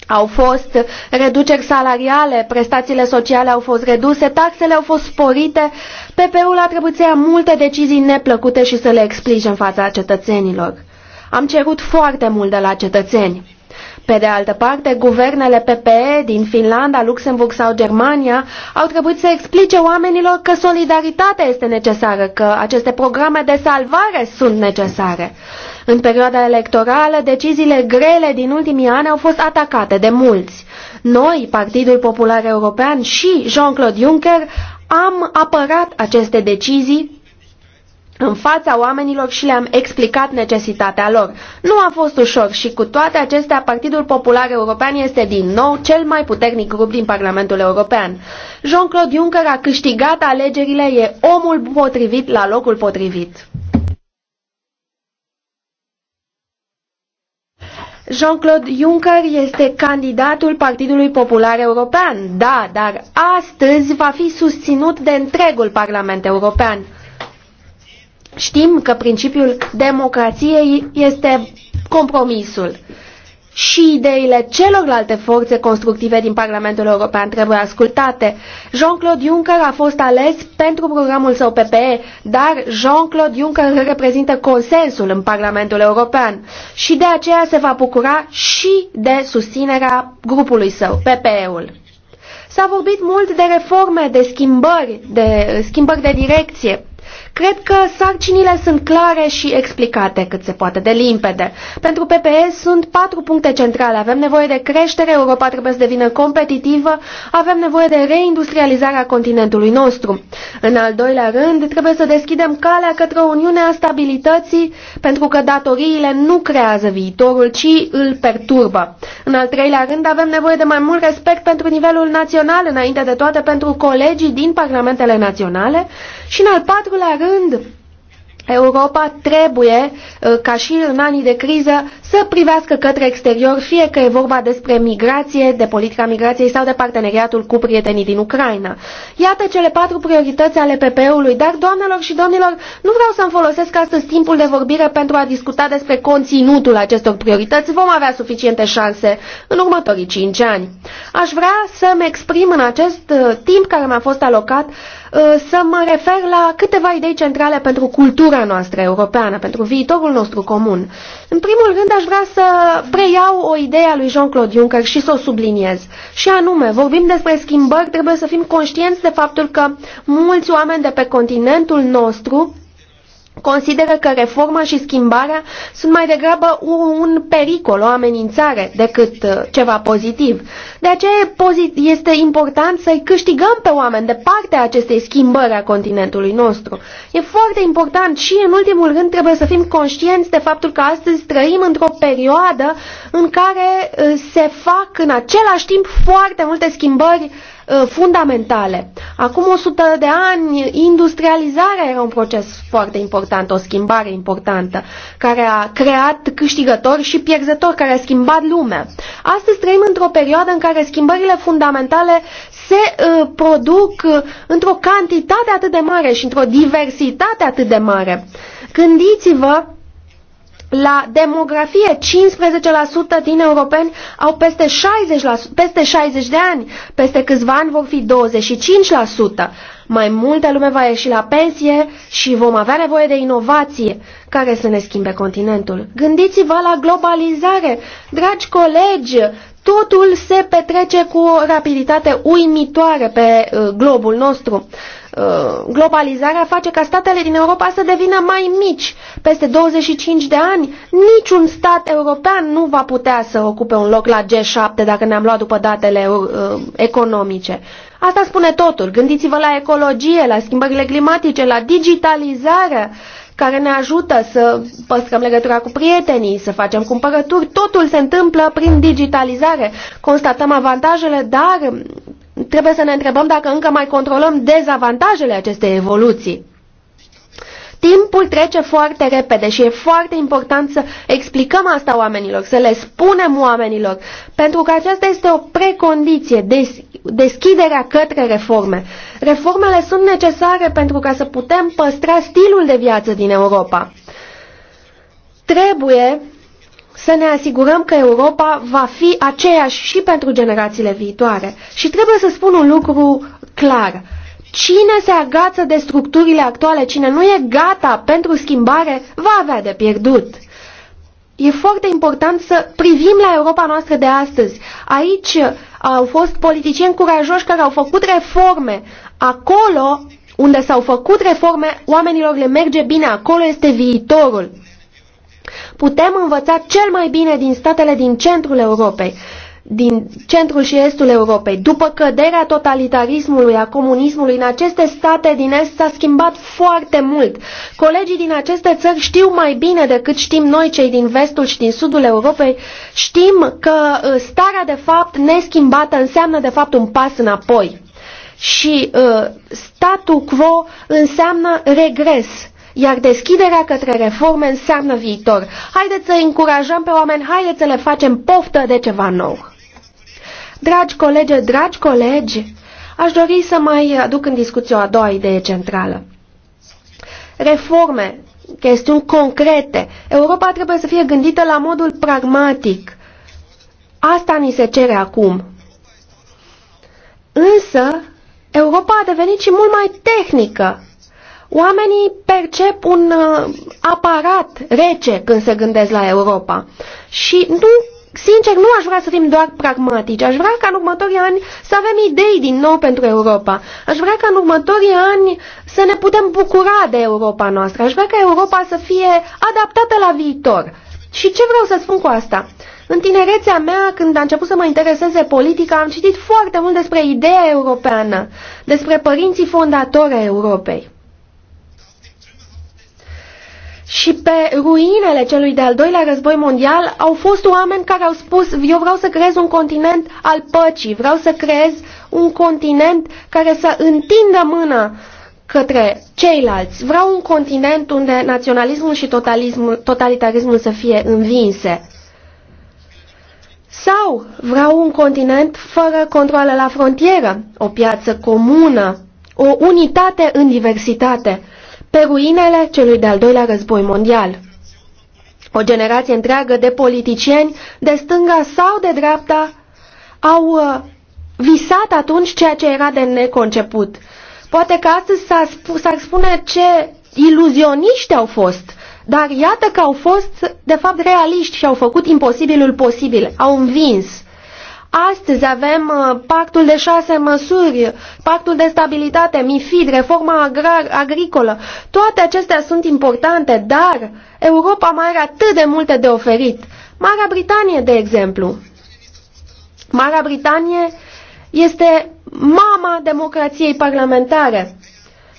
Au fost reduceri salariale, prestațiile sociale au fost reduse, taxele au fost sporite. PPE-ul a trebuit să ia multe decizii neplăcute și să le explice în fața cetățenilor. Am cerut foarte mult de la cetățeni. Pe de altă parte, guvernele PPE din Finlanda, Luxemburg sau Germania au trebuit să explice oamenilor că solidaritatea este necesară, că aceste programe de salvare sunt necesare. În perioada electorală, deciziile grele din ultimii ani au fost atacate de mulți. Noi, Partidul Popular European și Jean-Claude Juncker, am apărat aceste decizii în fața oamenilor și le-am explicat necesitatea lor. Nu a fost ușor și cu toate acestea Partidul Popular European este din nou cel mai puternic grup din Parlamentul European. Jean-Claude Juncker a câștigat alegerile, e omul potrivit la locul potrivit. Jean-Claude Juncker este candidatul Partidului Popular European, da, dar astăzi va fi susținut de întregul Parlament European. Știm că principiul democrației este compromisul și ideile celorlalte forțe constructive din Parlamentul European trebuie ascultate. Jean-Claude Juncker a fost ales pentru programul său PPE, dar Jean-Claude Juncker reprezintă consensul în Parlamentul European și de aceea se va bucura și de susținerea grupului său, PPE-ul. S-a vorbit mult de reforme, de schimbări, de schimbări de direcție. Cred că sarcinile sunt clare și explicate cât se poate de limpede. Pentru PPE sunt patru puncte centrale. Avem nevoie de creștere, Europa trebuie să devină competitivă, avem nevoie de reindustrializarea continentului nostru. În al doilea rând, trebuie să deschidem calea către o uniune a stabilității, pentru că datoriile nu creează viitorul, ci îl perturbă. În al treilea rând, avem nevoie de mai mult respect pentru nivelul național, înainte de toate pentru colegii din parlamentele naționale. Și în al patrulea rând, rând, Europa trebuie, uh, ca și în anii de criză, să privească către exterior, fie că e vorba despre migrație, de politica migrației sau de parteneriatul cu prietenii din Ucraina. Iată cele patru priorități ale PP-ului, dar, doamnelor și domnilor, nu vreau să-mi folosesc astăzi timpul de vorbire pentru a discuta despre conținutul acestor priorități. Vom avea suficiente șanse în următorii cinci ani. Aș vrea să-mi exprim în acest uh, timp care mi-a fost alocat Uh, să mă refer la câteva idei centrale pentru cultura noastră europeană, pentru viitorul nostru comun. În primul rând aș vrea să preiau o idee a lui Jean-Claude Juncker și să o subliniez. Și anume, vorbim despre schimbări, trebuie să fim conștienți de faptul că mulți oameni de pe continentul nostru consideră că reforma și schimbarea sunt mai degrabă un pericol, o amenințare, decât uh, ceva pozitiv. De aceea este important să-i câștigăm pe oameni de partea acestei schimbări a continentului nostru. E foarte important și, în ultimul rând, trebuie să fim conștienți de faptul că astăzi trăim într-o perioadă în care uh, se fac în același timp foarte multe schimbări Uh, fundamentale. Acum 100 de ani, industrializarea era un proces foarte important, o schimbare importantă, care a creat câștigători și pierzători, care a schimbat lumea. Astăzi trăim într-o perioadă în care schimbările fundamentale se uh, produc uh, într-o cantitate atât de mare și într-o diversitate atât de mare. Gândiți-vă la demografie, 15% din europeni au peste 60, la, peste 60 de ani, peste câțiva ani vor fi 25%. Mai multă lume va ieși la pensie și vom avea nevoie de inovație care să ne schimbe continentul. Gândiți-vă la globalizare. Dragi colegi, totul se petrece cu o rapiditate uimitoare pe uh, globul nostru. Uh, globalizarea face ca statele din Europa să devină mai mici. Peste 25 de ani, niciun stat european nu va putea să ocupe un loc la G7 dacă ne-am luat după datele uh, economice. Asta spune totul. Gândiți-vă la ecologie, la schimbările climatice, la digitalizare. Uh, care ne ajută să păstrăm legătura cu prietenii, să facem cumpărături. Totul se întâmplă prin digitalizare. Constatăm avantajele, dar trebuie să ne întrebăm dacă încă mai controlăm dezavantajele acestei evoluții. Timpul trece foarte repede și e foarte important să explicăm asta oamenilor, să le spunem oamenilor, pentru că aceasta este o precondiție, des, deschiderea către reforme. Reformele sunt necesare pentru ca să putem păstra stilul de viață din Europa. Trebuie să ne asigurăm că Europa va fi aceeași și pentru generațiile viitoare. Și trebuie să spun un lucru clar. Cine se agață de structurile actuale, cine nu e gata pentru schimbare, va avea de pierdut. E foarte important să privim la Europa noastră de astăzi. Aici au fost politicieni curajoși care au făcut reforme. Acolo unde s-au făcut reforme, oamenilor le merge bine, acolo este viitorul. Putem învăța cel mai bine din statele din centrul Europei din centrul și estul Europei. După căderea totalitarismului, a comunismului, în aceste state din est s-a schimbat foarte mult. Colegii din aceste țări știu mai bine decât știm noi cei din vestul și din sudul Europei, știm că uh, starea de fapt neschimbată înseamnă de fapt un pas înapoi. Și uh, statul quo înseamnă regres iar deschiderea către reforme înseamnă viitor. Haideți să încurajăm pe oameni, haideți să le facem poftă de ceva nou. Dragi colegi, dragi colegi, aș dori să mai aduc în discuție o a doua idee centrală. Reforme, chestiuni concrete. Europa trebuie să fie gândită la modul pragmatic. Asta ni se cere acum. Însă, Europa a devenit și mult mai tehnică. Oamenii percep un uh, aparat rece când se gândesc la Europa și nu Sincer, nu aș vrea să fim doar pragmatici, aș vrea ca în următorii ani să avem idei din nou pentru Europa. Aș vrea ca în următorii ani să ne putem bucura de Europa noastră. Aș vrea ca Europa să fie adaptată la viitor. Și ce vreau să spun cu asta? În tinerețea mea, când a început să mă intereseze politica, am citit foarte mult despre ideea europeană, despre părinții fondatori ai Europei și pe ruinele celui de-al doilea război mondial au fost oameni care au spus eu vreau să creez un continent al păcii, vreau să creez un continent care să întindă mâna către ceilalți. Vreau un continent unde naționalismul și totalismul, totalitarismul să fie învinse. Sau vreau un continent fără controle la frontieră, o piață comună, o unitate în diversitate, pe ruinele celui de-al doilea război mondial. O generație întreagă de politicieni, de stânga sau de dreapta, au uh, visat atunci ceea ce era de neconceput. Poate că astăzi s-ar spune ce iluzioniști au fost, dar iată că au fost, de fapt, realiști și au făcut imposibilul posibil, au învins. Astăzi avem uh, pactul de șase măsuri, pactul de stabilitate, MIFID, reforma agrar, agricolă. Toate acestea sunt importante, dar Europa mai are atât de multe de oferit. Marea Britanie, de exemplu. Marea Britanie este mama democrației parlamentare.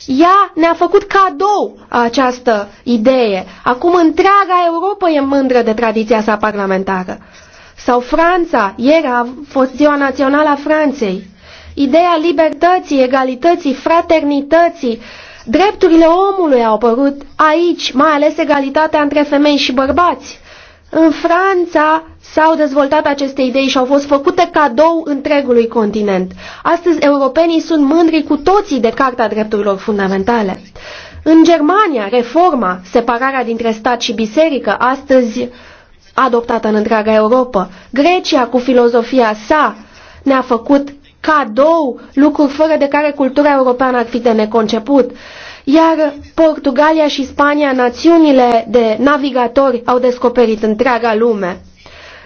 Ea ne-a făcut cadou această idee. Acum întreaga Europa e mândră de tradiția sa parlamentară. Sau Franța, ieri a fost ziua națională a Franței. Ideea libertății, egalității, fraternității, drepturile omului au apărut aici, mai ales egalitatea între femei și bărbați. În Franța s-au dezvoltat aceste idei și au fost făcute cadou întregului continent. Astăzi europenii sunt mândri cu toții de Carta Drepturilor Fundamentale. În Germania, reforma, separarea dintre stat și biserică, astăzi adoptată în întreaga Europa. Grecia, cu filozofia sa, ne-a făcut cadou lucruri fără de care cultura europeană ar fi de neconceput. Iar Portugalia și Spania, națiunile de navigatori, au descoperit întreaga lume.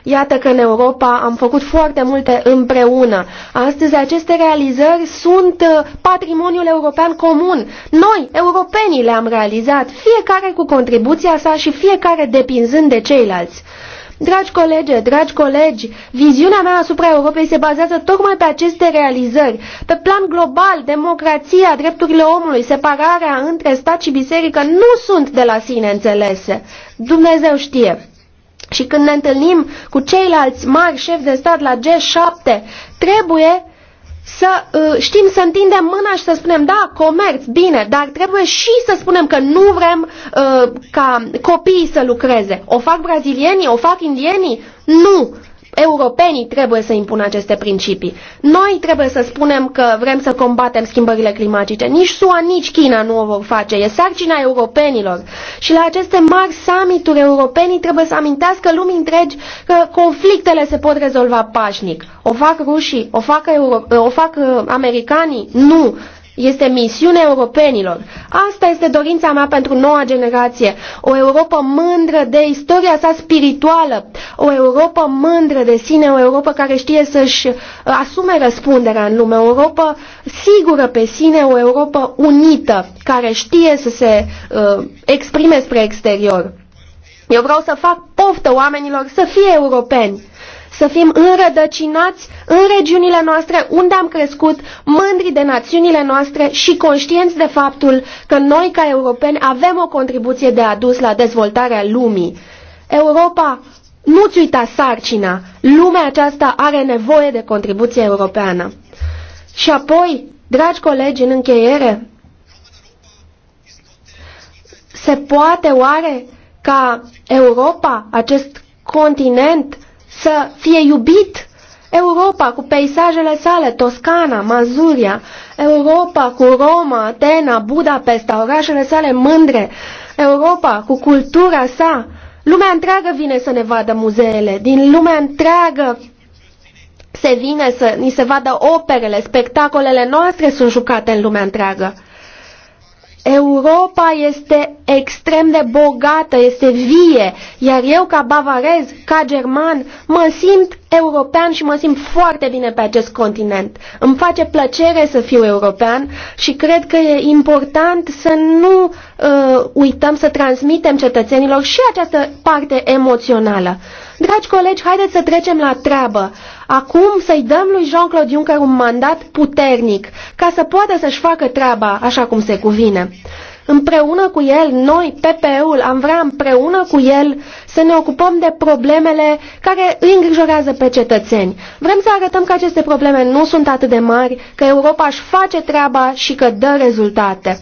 Iată că în Europa am făcut foarte multe împreună. Astăzi aceste realizări sunt uh, patrimoniul european comun. Noi, europenii, le-am realizat, fiecare cu contribuția sa și fiecare depinzând de ceilalți. Dragi colegi, dragi colegi, viziunea mea asupra Europei se bazează tocmai pe aceste realizări. Pe plan global, democrația, drepturile omului, separarea între stat și biserică nu sunt de la sine înțelese. Dumnezeu știe și când ne întâlnim cu ceilalți mari șefi de stat la G7, trebuie să uh, știm să întindem mâna și să spunem da, comerț, bine, dar trebuie și să spunem că nu vrem uh, ca copiii să lucreze. O fac brazilienii, o fac indienii? Nu! europenii trebuie să impună aceste principii. Noi trebuie să spunem că vrem să combatem schimbările climatice. Nici SUA, nici China nu o vor face. E sarcina europenilor. Și la aceste mari summituri europenii trebuie să amintească lumii întregi că conflictele se pot rezolva pașnic. O fac rușii? O fac, euro, o fac uh, americanii? Nu. Este misiunea europenilor. Asta este dorința mea pentru noua generație. O Europa mândră de istoria sa spirituală, o Europa mândră de sine, o Europa care știe să-și uh, asume răspunderea în lume, o Europa sigură pe sine, o Europa unită, care știe să se uh, exprime spre exterior. Eu vreau să fac poftă oamenilor să fie europeni să fim înrădăcinați în regiunile noastre unde am crescut, mândri de națiunile noastre și conștienți de faptul că noi ca europeni avem o contribuție de adus la dezvoltarea lumii. Europa, nu-ți uita sarcina, lumea aceasta are nevoie de contribuție europeană. Și apoi, dragi colegi, în încheiere, se poate oare ca Europa, acest continent, să fie iubit Europa cu peisajele sale, Toscana, Mazuria, Europa cu Roma, Atena, Budapesta, orașele sale mândre, Europa cu cultura sa. Lumea întreagă vine să ne vadă muzeele, din lumea întreagă se vine să ni se vadă operele, spectacolele noastre sunt jucate în lumea întreagă. Europa este extrem de bogată, este vie, iar eu ca bavarez, ca german, mă simt european și mă simt foarte bine pe acest continent. Îmi face plăcere să fiu european și cred că e important să nu uh, uităm să transmitem cetățenilor și această parte emoțională. Uh, Dragi colegi, haideți să trecem la treabă. Acum să-i dăm lui Jean-Claude Juncker un mandat puternic, ca să poată să-și facă treaba așa cum se cuvine. Împreună cu el, noi, PPE-ul, am vrea împreună cu el să ne ocupăm de problemele care îi îngrijorează pe cetățeni. Vrem să arătăm că aceste probleme nu sunt atât de mari, că Europa își face treaba și că dă rezultate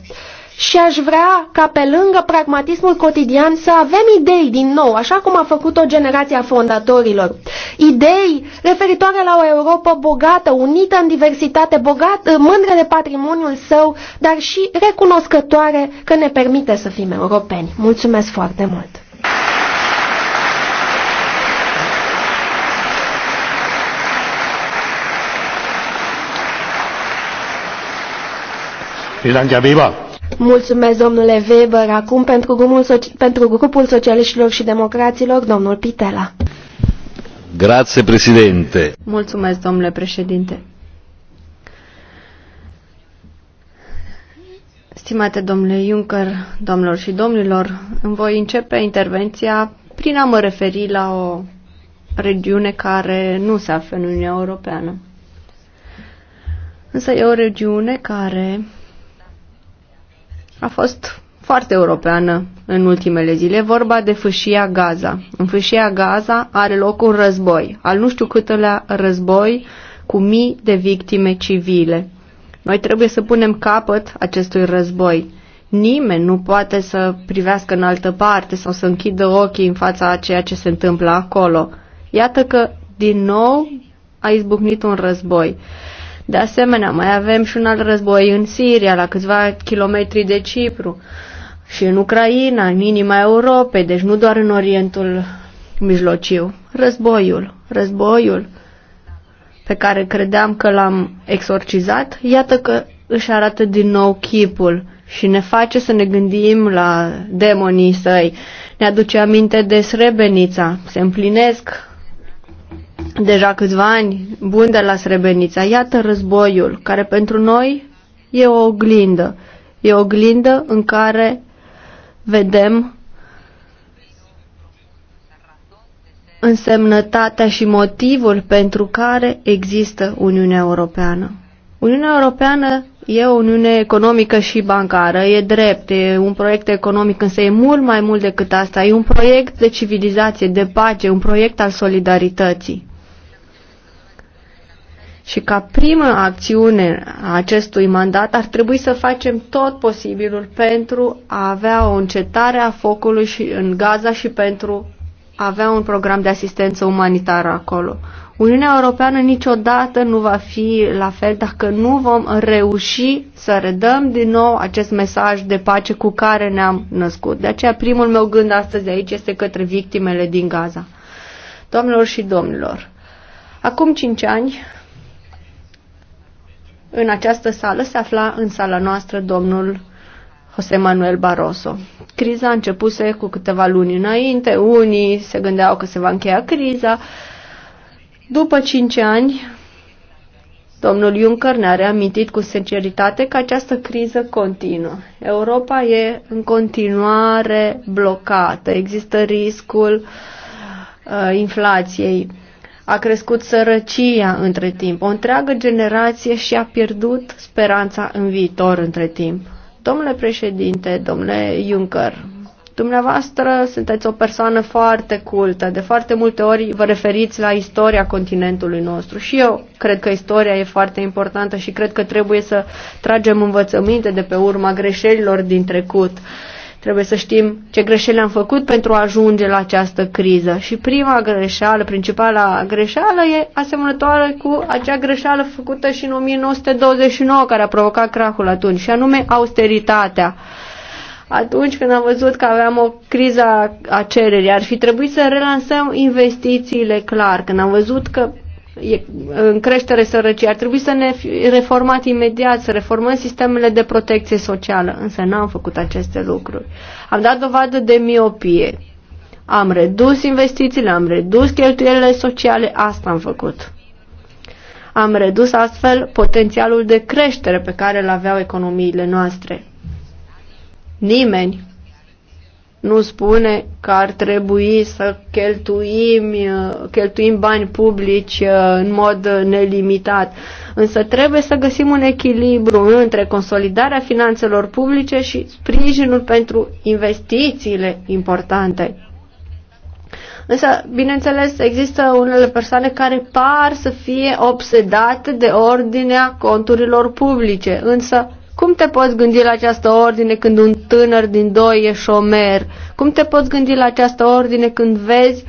și aș vrea ca pe lângă pragmatismul cotidian să avem idei din nou, așa cum a făcut-o generația fondatorilor. Idei referitoare la o Europa bogată, unită în diversitate, bogată, mândră de patrimoniul său, dar și recunoscătoare că ne permite să fim europeni. Mulțumesc foarte mult! Vielen Dank, Herr Weber. Mulțumesc, domnule Weber. Acum, pentru grupul, Soci- pentru grupul Socialiștilor și Democraților, domnul Pitela. Grazie, președinte. Mulțumesc, domnule președinte. Stimate domnule Juncker, domnilor și domnilor, îmi voi începe intervenția prin a mă referi la o regiune care nu se află în Uniunea Europeană. Însă e o regiune care a fost foarte europeană în ultimele zile, vorba de fâșia Gaza. În fâșia Gaza are loc un război, al nu știu câtelea război cu mii de victime civile. Noi trebuie să punem capăt acestui război. Nimeni nu poate să privească în altă parte sau să închidă ochii în fața a ceea ce se întâmplă acolo. Iată că, din nou, a izbucnit un război. De asemenea, mai avem și un alt război în Siria, la câțiva kilometri de Cipru, și în Ucraina, în inima Europei, deci nu doar în Orientul Mijlociu. Războiul, războiul pe care credeam că l-am exorcizat, iată că își arată din nou chipul și ne face să ne gândim la demonii săi. Ne aduce aminte de Srebenița. Se împlinesc deja câțiva ani buni de la Srebrenica. Iată războiul, care pentru noi e o oglindă. E o oglindă în care vedem însemnătatea și motivul pentru care există Uniunea Europeană. Uniunea Europeană e o uniune economică și bancară, e drept, e un proiect economic, însă e mult mai mult decât asta. E un proiect de civilizație, de pace, un proiect al solidarității. Și ca primă acțiune a acestui mandat ar trebui să facem tot posibilul pentru a avea o încetare a focului și în Gaza și pentru a avea un program de asistență umanitară acolo. Uniunea Europeană niciodată nu va fi la fel dacă nu vom reuși să redăm din nou acest mesaj de pace cu care ne-am născut. De aceea primul meu gând astăzi aici este către victimele din Gaza. Doamnelor și domnilor, acum cinci ani în această sală se afla în sala noastră domnul José Manuel Barroso. Criza începuse cu câteva luni înainte, unii se gândeau că se va încheia criza. După cinci ani, domnul Juncker ne-a reamintit cu sinceritate că această criză continuă. Europa e în continuare blocată, există riscul uh, inflației a crescut sărăcia între timp. O întreagă generație și-a pierdut speranța în viitor între timp. Domnule președinte, domnule Juncker, dumneavoastră sunteți o persoană foarte cultă. De foarte multe ori vă referiți la istoria continentului nostru și eu cred că istoria e foarte importantă și cred că trebuie să tragem învățăminte de pe urma greșelilor din trecut. Trebuie să știm ce greșeli am făcut pentru a ajunge la această criză. Și prima greșeală, principala greșeală, e asemănătoare cu acea greșeală făcută și în 1929, care a provocat crahul atunci, și anume austeritatea atunci când am văzut că aveam o criză a cererii, ar fi trebuit să relansăm investițiile clar, când am văzut că e în creștere sărăcia. Ar trebui să ne reformat imediat, să reformăm sistemele de protecție socială, însă n-am făcut aceste lucruri. Am dat dovadă de miopie. Am redus investițiile, am redus cheltuielile sociale, asta am făcut. Am redus astfel potențialul de creștere pe care îl aveau economiile noastre. Nimeni nu spune că ar trebui să cheltuim, cheltuim bani publici uh, în mod uh, nelimitat. Însă trebuie să găsim un echilibru între consolidarea finanțelor publice și sprijinul pentru investițiile importante. Însă, bineînțeles, există unele persoane care par să fie obsedate de ordinea conturilor publice, însă cum te poți gândi la această ordine când un tânăr din doi e șomer? Cum te poți gândi la această ordine când vezi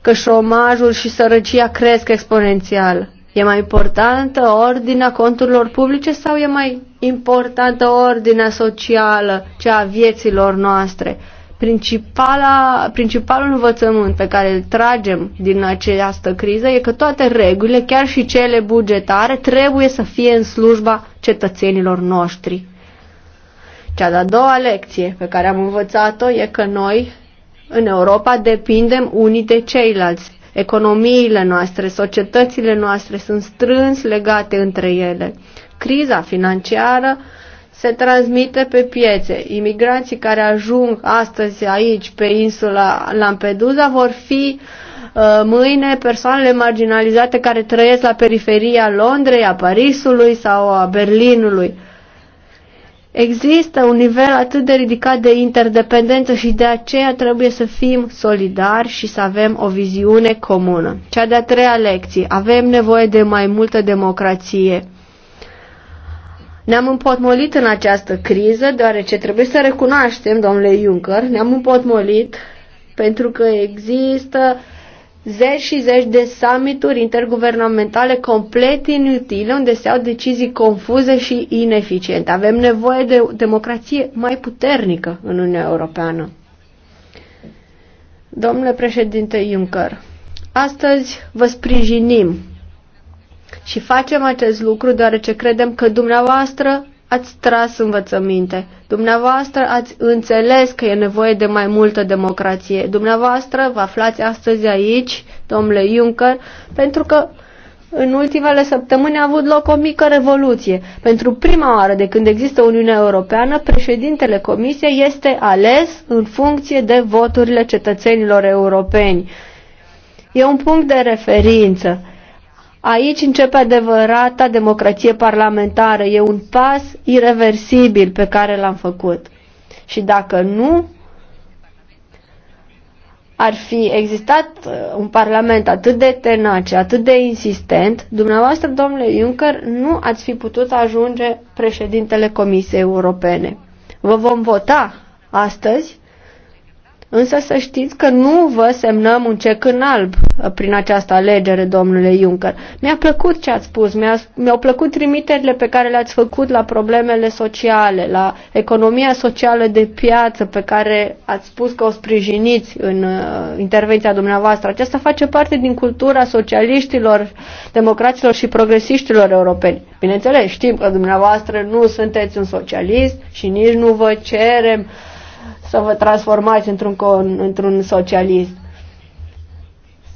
că șomajul și sărăcia cresc exponențial? E mai importantă ordinea conturilor publice sau e mai importantă ordinea socială, cea a vieților noastre? Principala, principalul învățământ pe care îl tragem din această criză e că toate regulile, chiar și cele bugetare, trebuie să fie în slujba cetățenilor noștri. Cea de-a doua lecție pe care am învățat-o e că noi, în Europa, depindem unii de ceilalți. Economiile noastre, societățile noastre sunt strâns legate între ele. Criza financiară se transmite pe piețe. Imigranții care ajung astăzi aici, pe insula Lampedusa, vor fi uh, mâine persoanele marginalizate care trăiesc la periferia Londrei, a Parisului sau a Berlinului. Există un nivel atât de ridicat de interdependență și de aceea trebuie să fim solidari și să avem o viziune comună. Cea de-a treia lecție. Avem nevoie de mai multă democrație ne-am împotmolit în această criză, deoarece trebuie să recunoaștem, domnule Juncker, ne-am împotmolit pentru că există zeci și zeci de summituri interguvernamentale complet inutile, unde se au decizii confuze și ineficiente. Avem nevoie de o democrație mai puternică în Uniunea Europeană. Domnule președinte Juncker, astăzi vă sprijinim și facem acest lucru deoarece credem că dumneavoastră ați tras învățăminte. Dumneavoastră ați înțeles că e nevoie de mai multă democrație. Dumneavoastră vă aflați astăzi aici, domnule Juncker, pentru că în ultimele săptămâni a avut loc o mică revoluție. Pentru prima oară de când există Uniunea Europeană, președintele Comisiei este ales în funcție de voturile cetățenilor europeni. E un punct de referință. Aici începe adevărata democrație parlamentară. E un pas irreversibil pe care l-am făcut. Și dacă nu ar fi existat uh, un parlament atât de tenace, atât de insistent, dumneavoastră, domnule Juncker, nu ați fi putut ajunge președintele Comisiei Europene. Vă vom vota astăzi Însă să știți că nu vă semnăm un cec în alb uh, prin această alegere, domnule Juncker. Mi-a plăcut ce ați spus, mi-au plăcut trimiterile pe care le-ați făcut la problemele sociale, la economia socială de piață pe care ați spus că o sprijiniți în uh, intervenția dumneavoastră. Aceasta face parte din cultura socialiștilor, democraților și progresiștilor europeni. Bineînțeles, știm că dumneavoastră nu sunteți un socialist și nici nu vă cerem uh, să vă transformați într-un, într-un socialist.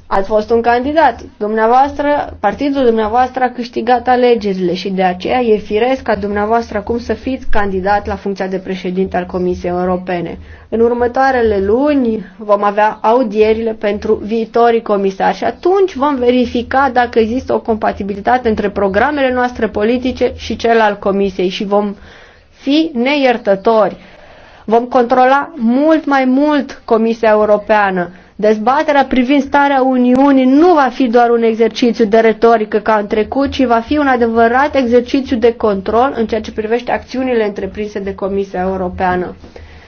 Ați fost un candidat. Dumneavoastră, partidul dumneavoastră a câștigat alegerile și de aceea e firesc ca dumneavoastră acum să fiți candidat la funcția de președinte al Comisiei Europene. În următoarele luni vom avea audierile pentru viitorii comisari și atunci vom verifica dacă există o compatibilitate între programele noastre politice și cel al Comisiei și vom fi neiertători Vom controla mult mai mult Comisia Europeană. Dezbaterea privind starea Uniunii nu va fi doar un exercițiu de retorică ca în trecut, ci va fi un adevărat exercițiu de control în ceea ce privește acțiunile întreprinse de Comisia Europeană.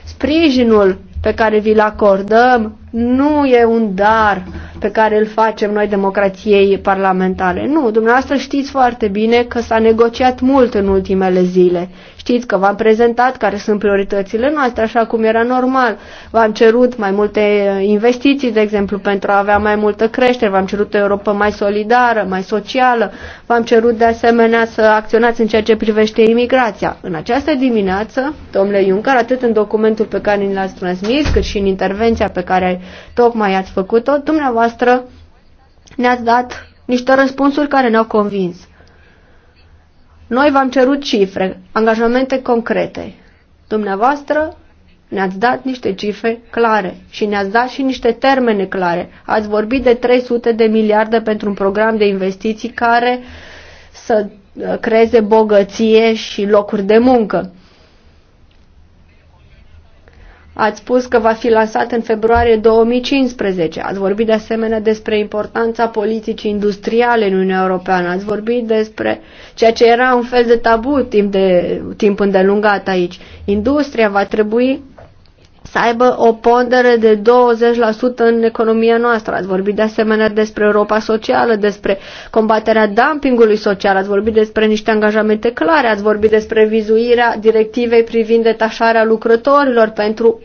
Sprijinul pe care vi-l acordăm nu e un dar pe care îl facem noi democrației parlamentare. Nu, dumneavoastră știți foarte bine că s-a negociat mult în ultimele zile. Știți că v-am prezentat care sunt prioritățile noastre, așa cum era normal. V-am cerut mai multe eh, investiții, de exemplu, pentru a avea mai multă creștere. V-am cerut o Europa mai solidară, mai socială. V-am cerut, de asemenea, să acționați în ceea ce privește imigrația. În această dimineață, domnule Juncker, atât în documentul pe care ni l-ați transmis, cât și în intervenția pe care tocmai ați făcut-o, dumneavoastră ne-ați dat niște răspunsuri care ne-au convins. Noi v-am cerut cifre, angajamente concrete. Dumneavoastră ne-ați dat niște cifre clare și ne-ați dat și niște termene clare. Ați vorbit de 300 de miliarde pentru un program de investiții care să uh, creeze bogăție și locuri de muncă. Ați spus că va fi lansat în februarie 2015. Ați vorbit de asemenea despre importanța politicii industriale în Uniunea Europeană. Ați vorbit despre ceea ce era un fel de tabu timp, de, timp îndelungat aici. Industria va trebui să aibă o pondere de 20% în economia noastră. Ați vorbit de asemenea despre Europa socială, despre combaterea dumpingului social, ați vorbit despre niște angajamente clare, ați vorbit despre vizuirea directivei privind detașarea lucrătorilor pentru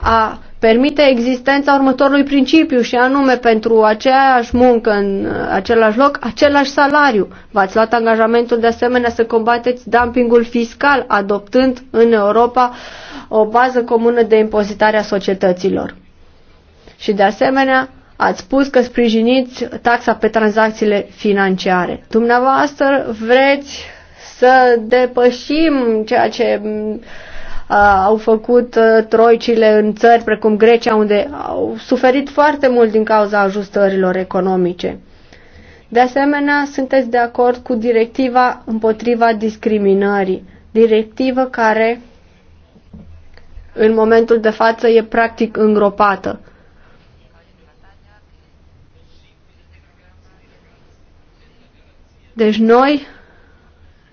a permite existența următorului principiu și anume pentru aceeași muncă în același loc, același salariu. V-ați luat angajamentul de asemenea să combateți dumpingul fiscal, adoptând în Europa o bază comună de impozitare a societăților. Și de asemenea, ați spus că sprijiniți taxa pe tranzacțiile financiare. Dumneavoastră vreți să depășim ceea ce Uh, au făcut uh, troicile în țări precum Grecia, unde au suferit foarte mult din cauza ajustărilor economice. De asemenea, sunteți de acord cu directiva împotriva discriminării, directivă care în momentul de față e practic îngropată. Deci noi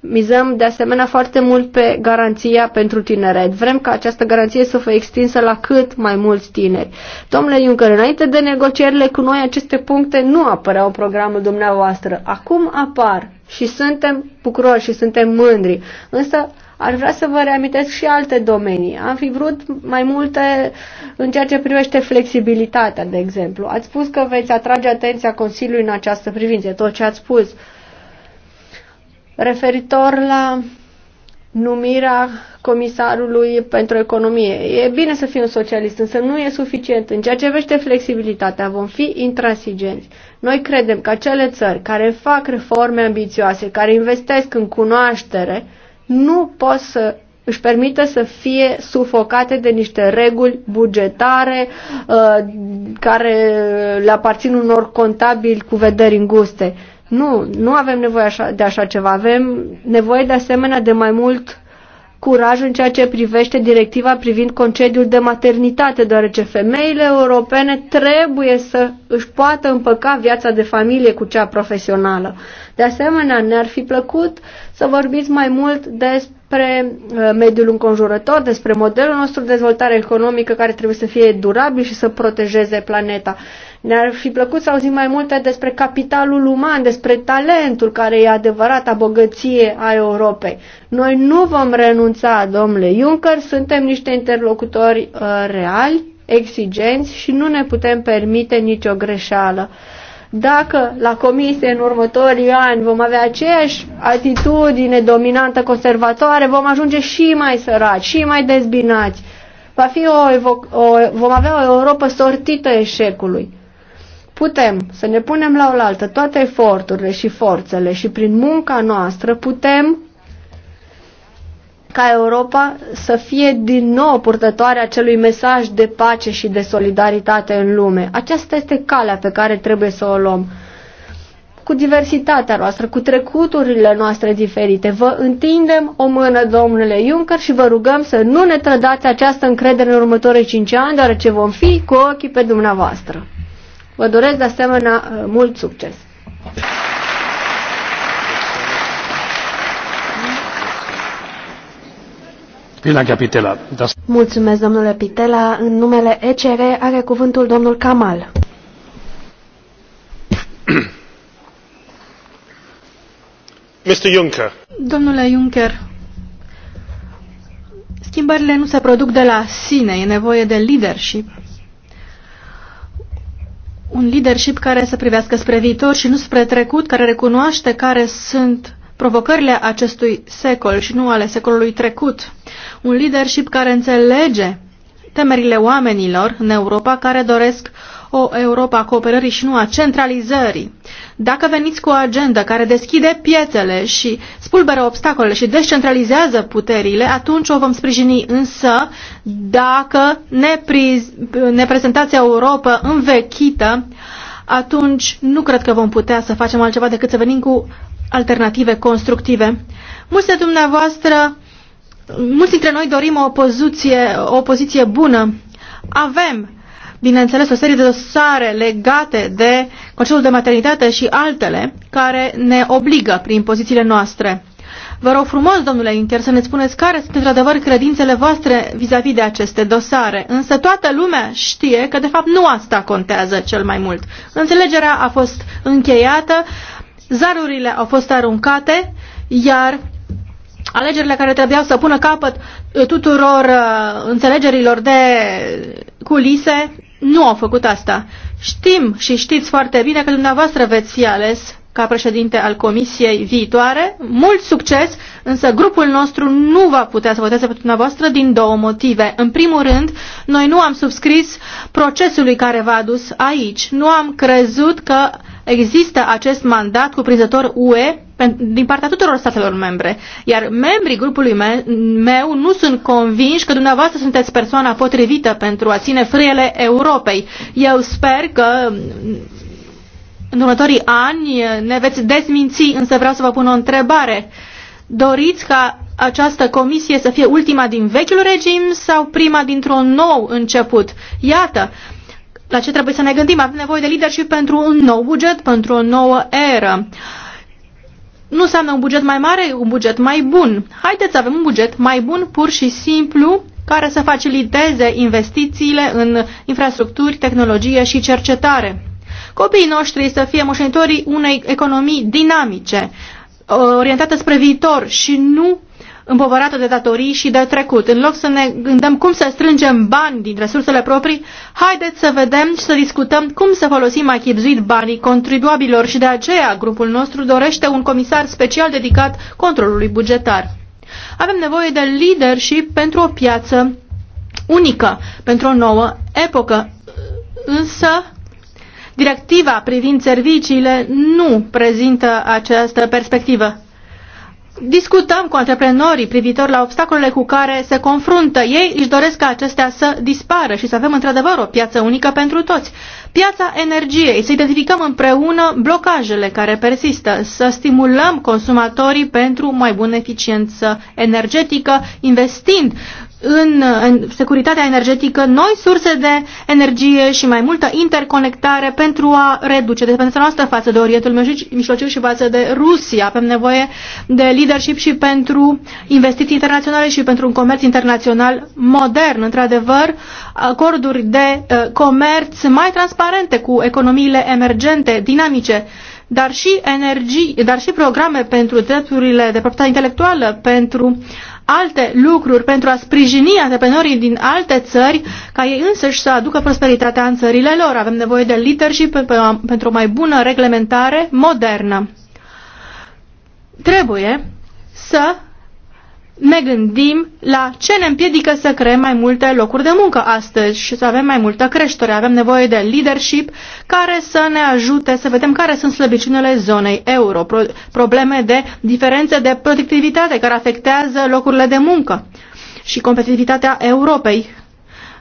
Mizăm de asemenea foarte mult pe garanția pentru tineret. Vrem ca această garanție să fie extinsă la cât mai mulți tineri. Domnule Juncker, înainte de negocierile cu noi, aceste puncte nu apăreau în programul dumneavoastră. Acum apar și suntem bucuroși și suntem mândri. Însă ar vrea să vă reamintesc și alte domenii. Am fi vrut mai multe în ceea ce privește flexibilitatea, de exemplu. Ați spus că veți atrage atenția Consiliului în această privință, tot ce ați spus referitor la numirea comisarului pentru economie. E bine să fii un socialist, însă nu e suficient. În ceea ce vește flexibilitatea, vom fi intransigenți. Noi credem că acele țări care fac reforme ambițioase, care investesc în cunoaștere, nu pot să își permită să fie sufocate de niște reguli bugetare uh, care le aparțin unor contabili cu vederi înguste. Uh, nu, nu avem nevoie așa, de așa ceva. Avem nevoie de asemenea de mai mult curaj în ceea ce privește directiva privind concediul de maternitate, deoarece femeile europene trebuie să își poată împăca viața de familie cu cea profesională. De asemenea, ne-ar fi plăcut să vorbiți mai mult despre despre uh, mediul înconjurător, despre modelul nostru de dezvoltare economică care trebuie să fie durabil și să protejeze planeta. Ne-ar fi plăcut să auzim mai multe despre capitalul uman, despre talentul care e adevărata bogăție a Europei. Noi nu vom renunța, domnule Juncker, suntem niște interlocutori uh, reali, exigenți și nu ne putem permite nicio greșeală. Uh, dacă la comisie în următorii ani vom avea aceeași atitudine dominantă conservatoare, vom ajunge și mai săraci, și mai dezbinați. Va fi o, o, vom avea o Europa sortită eșecului. Putem să ne punem la oaltă toate eforturile și forțele și prin munca noastră putem ca Europa să fie din nou purtătoare acelui mesaj de pace și de solidaritate în lume. Aceasta este calea pe care trebuie să o luăm. Cu diversitatea noastră, cu trecuturile noastre diferite, vă întindem o mână, domnule Juncker, și vă rugăm să nu ne trădați această încredere în următorii cinci ani, deoarece vom fi cu ochii pe dumneavoastră. Vă doresc de asemenea uh, mult succes! Da. Mulțumesc, domnule Pitela. În numele ECR are cuvântul domnul Kamal. Mr. Juncker. Domnule Juncker, schimbările nu se produc de la sine, e nevoie de leadership. Un leadership care să privească spre viitor și nu spre trecut, care recunoaște care sunt provocările acestui secol și nu ale secolului trecut. Un leadership care înțelege temerile oamenilor în Europa care doresc o Europa a cooperării și nu a centralizării. Dacă veniți cu o agendă care deschide piețele și spulberă obstacolele și descentralizează puterile, atunci o vom sprijini. Însă, dacă ne, priz, ne prezentați Europa învechită, atunci nu cred că vom putea să facem altceva decât să venim cu alternative constructive. Mulți de dumneavoastră, mulți dintre noi dorim o opoziție, o opoziție bună. Avem, bineînțeles, o serie de dosare legate de Consiliul de maternitate și altele care ne obligă prin pozițiile noastre. Vă rog frumos, domnule Juncker, să ne spuneți care sunt într-adevăr credințele voastre vis-a-vis -vis de aceste dosare. Însă toată lumea știe că de fapt nu asta contează cel mai mult. Înțelegerea a fost încheiată, zarurile au fost aruncate, iar alegerile care trebuiau să pună capăt uh, tuturor uh, înțelegerilor de culise nu au făcut asta. Știm și știți foarte bine că dumneavoastră veți fi ales ca președinte al comisiei viitoare. Mult succes, însă grupul nostru nu va putea să voteze pentru dumneavoastră din două motive. În primul rând, noi nu am subscris procesului care v-a adus aici. Nu am crezut că există acest mandat cuprinzător UE din partea tuturor statelor membre. Iar membrii grupului meu nu sunt convinși că dumneavoastră sunteți persoana potrivită pentru a ține frâiele Europei. Eu sper că în următorii ani ne veți dezminți, însă vreau să vă pun o întrebare. Doriți ca această comisie să fie ultima din vechiul regim sau prima dintr-un nou început? Iată, la ce trebuie să ne gândim? Avem nevoie de leadership pentru un nou buget, pentru o nouă eră. Nu înseamnă un buget mai mare, un buget mai bun. Haideți să avem un buget mai bun, pur și simplu, care să faciliteze investițiile în infrastructuri, tehnologie și cercetare copiii noștri să fie moșenitorii unei economii dinamice, uh, orientată spre viitor și nu împovărată de datorii și de trecut. În loc să ne gândim cum să strângem bani din resursele proprii, haideți să vedem și să discutăm cum să folosim mai chipzuit banii contribuabilor și de aceea grupul nostru dorește un comisar special dedicat controlului bugetar. Avem nevoie de leadership pentru o piață unică, pentru o nouă epocă. Însă, Directiva privind serviciile nu prezintă această perspectivă. Discutăm cu antreprenorii privitor la obstacolele cu care se confruntă. Ei își doresc ca acestea să dispară și să avem într-adevăr o piață unică pentru toți. Piața energiei, să identificăm împreună blocajele care persistă, să stimulăm consumatorii pentru mai bună eficiență energetică, investind în, în securitatea energetică, noi surse de energie și mai multă interconectare pentru a reduce dependența noastră față de Orientul Mijlociu și față de Rusia. Avem nevoie de leadership și pentru investiții internaționale și pentru un comerț internațional modern. Într-adevăr, acorduri de uh, comerț mai transparente cu economiile emergente, dinamice dar și, energii, dar și programe pentru drepturile de proprietate intelectuală, pentru alte lucruri, pentru a sprijini antreprenorii din alte țări ca ei însăși să aducă prosperitatea în țările lor. Avem nevoie de leadership pentru o mai bună reglementare modernă. Trebuie să ne gândim la ce ne împiedică să creăm mai multe locuri de muncă astăzi și să avem mai multă creștere. Avem nevoie de leadership care să ne ajute să vedem care sunt slăbiciunile zonei euro, pro probleme de diferențe de productivitate care afectează locurile de muncă și competitivitatea Europei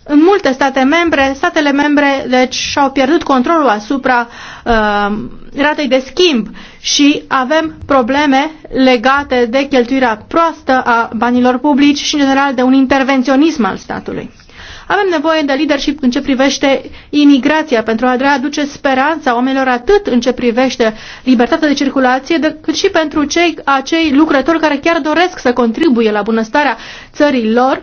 în multe state membre, statele membre deci și-au pierdut controlul asupra uh, ratei de schimb și avem probleme legate de cheltuirea proastă a banilor publici și în general de un intervenționism al statului. Avem nevoie de leadership în ce privește imigrația pentru a aduce speranța oamenilor atât în ce privește libertatea de circulație, cât și pentru cei acei lucrători care chiar doresc să contribuie la bunăstarea țării lor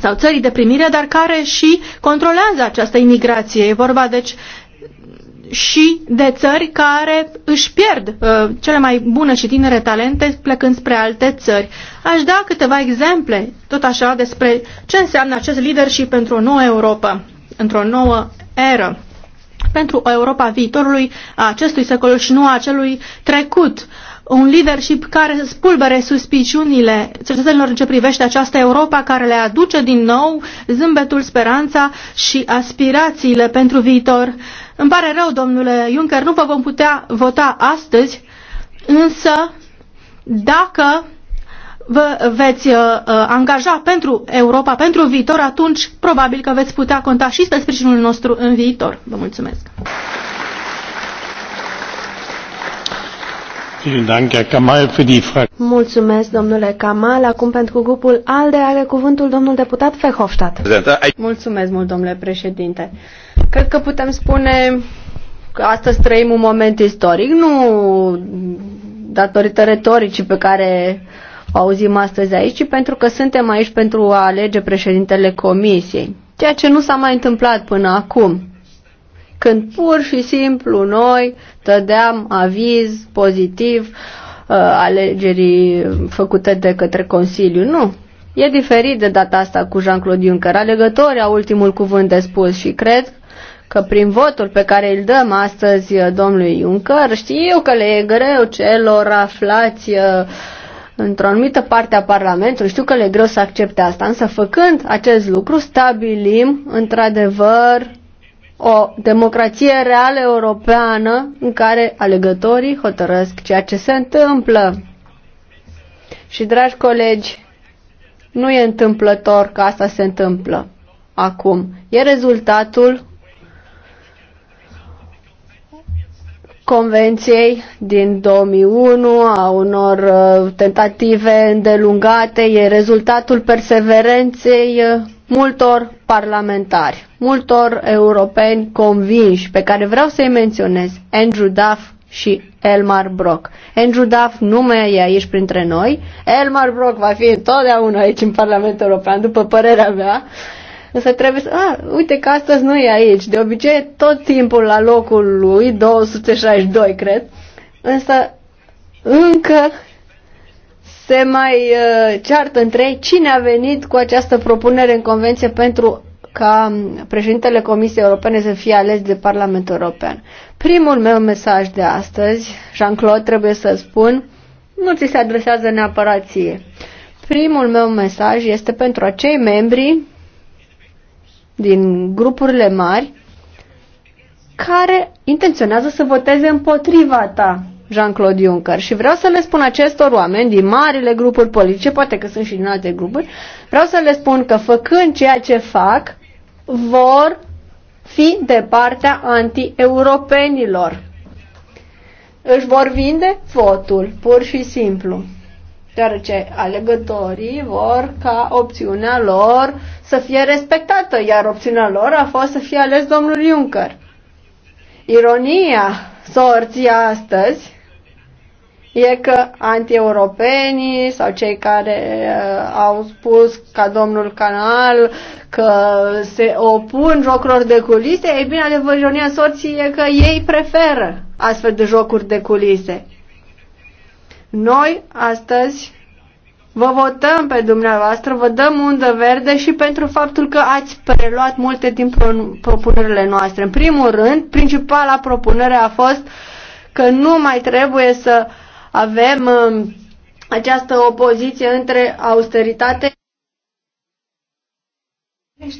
sau țării de primire, dar care și controlează această imigrație. E vorba, deci, și de țări care își pierd uh, cele mai bune și tinere talente plecând spre alte țări. Aș da câteva exemple, tot așa, despre ce înseamnă acest leadership pentru o nouă Europa, într-o nouă eră, pentru o Europa viitorului a acestui secol și nu a acelui trecut. Uh, un leadership care spulbere suspiciunile cetățenilor în ce privește această Europa care le aduce din nou zâmbetul, speranța și aspirațiile pentru viitor. Îmi pare rău, domnule Juncker, nu vă vom putea vota astăzi, însă dacă vă veți uh, uh angaja pentru Europa, pentru viitor, atunci probabil că veți putea conta și pe sprijinul nostru în viitor. Vă mulțumesc! Mulțumesc, domnule Kamal. Acum pentru grupul ALDE are cuvântul domnul deputat Verhofstadt. Mulțumesc mult, domnule președinte. Cred că putem spune că astăzi trăim un moment istoric, nu datorită retoricii pe care o auzim astăzi aici, ci pentru că suntem aici pentru a alege președintele comisiei, ceea ce nu s-a mai întâmplat până acum când pur și simplu noi tădeam aviz pozitiv uh, alegerii făcute de către Consiliu. Nu. E diferit de data asta cu Jean-Claude Juncker. Alegătorii au ultimul cuvânt de spus și cred că prin votul pe care îl dăm astăzi uh, domnului Juncker, știu că le e greu celor aflați uh, într-o anumită parte a Parlamentului, știu că le e greu să accepte asta, însă făcând acest lucru stabilim într-adevăr o democrație reală europeană în care alegătorii hotărăsc ceea ce se întâmplă. Și, dragi colegi, nu e întâmplător că asta se întâmplă acum. E rezultatul Convenției din 2001, a unor uh, tentative îndelungate, e rezultatul perseverenței uh, multor parlamentari, multor europeni convinși, pe care vreau să-i menționez, Andrew Duff și Elmar Brock. Andrew Duff nu mai e aici printre noi, Elmar Brock va fi întotdeauna aici în Parlamentul European, după părerea mea, Însă trebuie să... A, ah, uite că astăzi nu e aici. De obicei tot timpul la locul lui, 262 cred. Însă încă se mai uh, ceartă între ei cine a venit cu această propunere în convenție pentru ca um, președintele Comisiei Europene să fie ales de Parlamentul European. Primul meu mesaj de astăzi, Jean-Claude, trebuie să spun, nu ți se adresează neapărat ție. Primul meu mesaj este pentru acei membri din grupurile mari care intenționează să voteze împotriva ta, Jean-Claude Juncker. Și vreau să le spun acestor oameni din marile grupuri politice, poate că sunt și din alte grupuri, vreau să le spun că făcând ceea ce fac, vor fi de partea anti-europenilor. Își vor vinde votul, pur și simplu deoarece alegătorii vor ca opțiunea lor să fie respectată, iar opțiunea lor a fost să fie ales domnul Juncker. Ironia sorții astăzi e că antieuropenii sau cei care uh, au spus ca domnul Canal că se opun jocurilor de culise, ei bine, adevăr, ironia sorții e că ei preferă astfel de jocuri de culise. Noi, astăzi, vă votăm pe dumneavoastră, vă dăm undă verde și pentru faptul că ați preluat multe din propunerile noastre. În primul rând, principala propunere a fost că nu mai trebuie să avem um, această opoziție între austeritate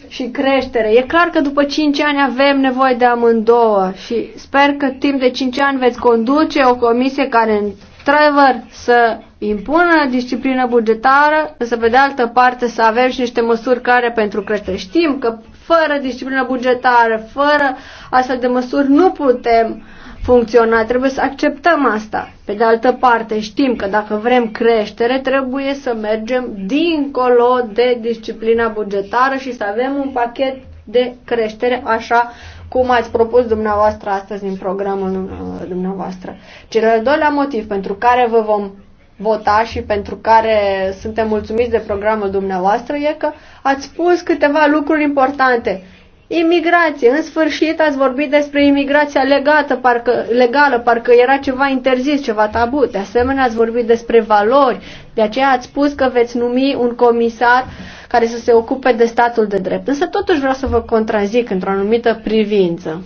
și creștere. E clar că după 5 ani avem nevoie de amândouă și sper că timp de 5 ani veți conduce o comisie care în într-adevăr să impună disciplină bugetară, să pe de altă parte să avem și niște măsuri care pentru creștere. Știm că fără disciplină bugetară, fără astfel de măsuri nu putem funcționa, trebuie să acceptăm asta. Pe de altă parte, știm că dacă vrem creștere, trebuie să mergem dincolo de disciplina bugetară și să avem un pachet de creștere așa cum ați propus dumneavoastră astăzi în programul uh, dumneavoastră. Cel al doilea motiv pentru care vă vom vota și pentru care suntem mulțumiți de programul dumneavoastră e că ați spus câteva lucruri importante. Imigrație. În sfârșit ați vorbit despre imigrația legată, parcă, legală, parcă era ceva interzis, ceva tabu. De asemenea, ați vorbit despre valori. De aceea ați spus că veți numi un comisar care să se ocupe de statul de drept. Însă totuși vreau să vă contrazic într-o anumită privință.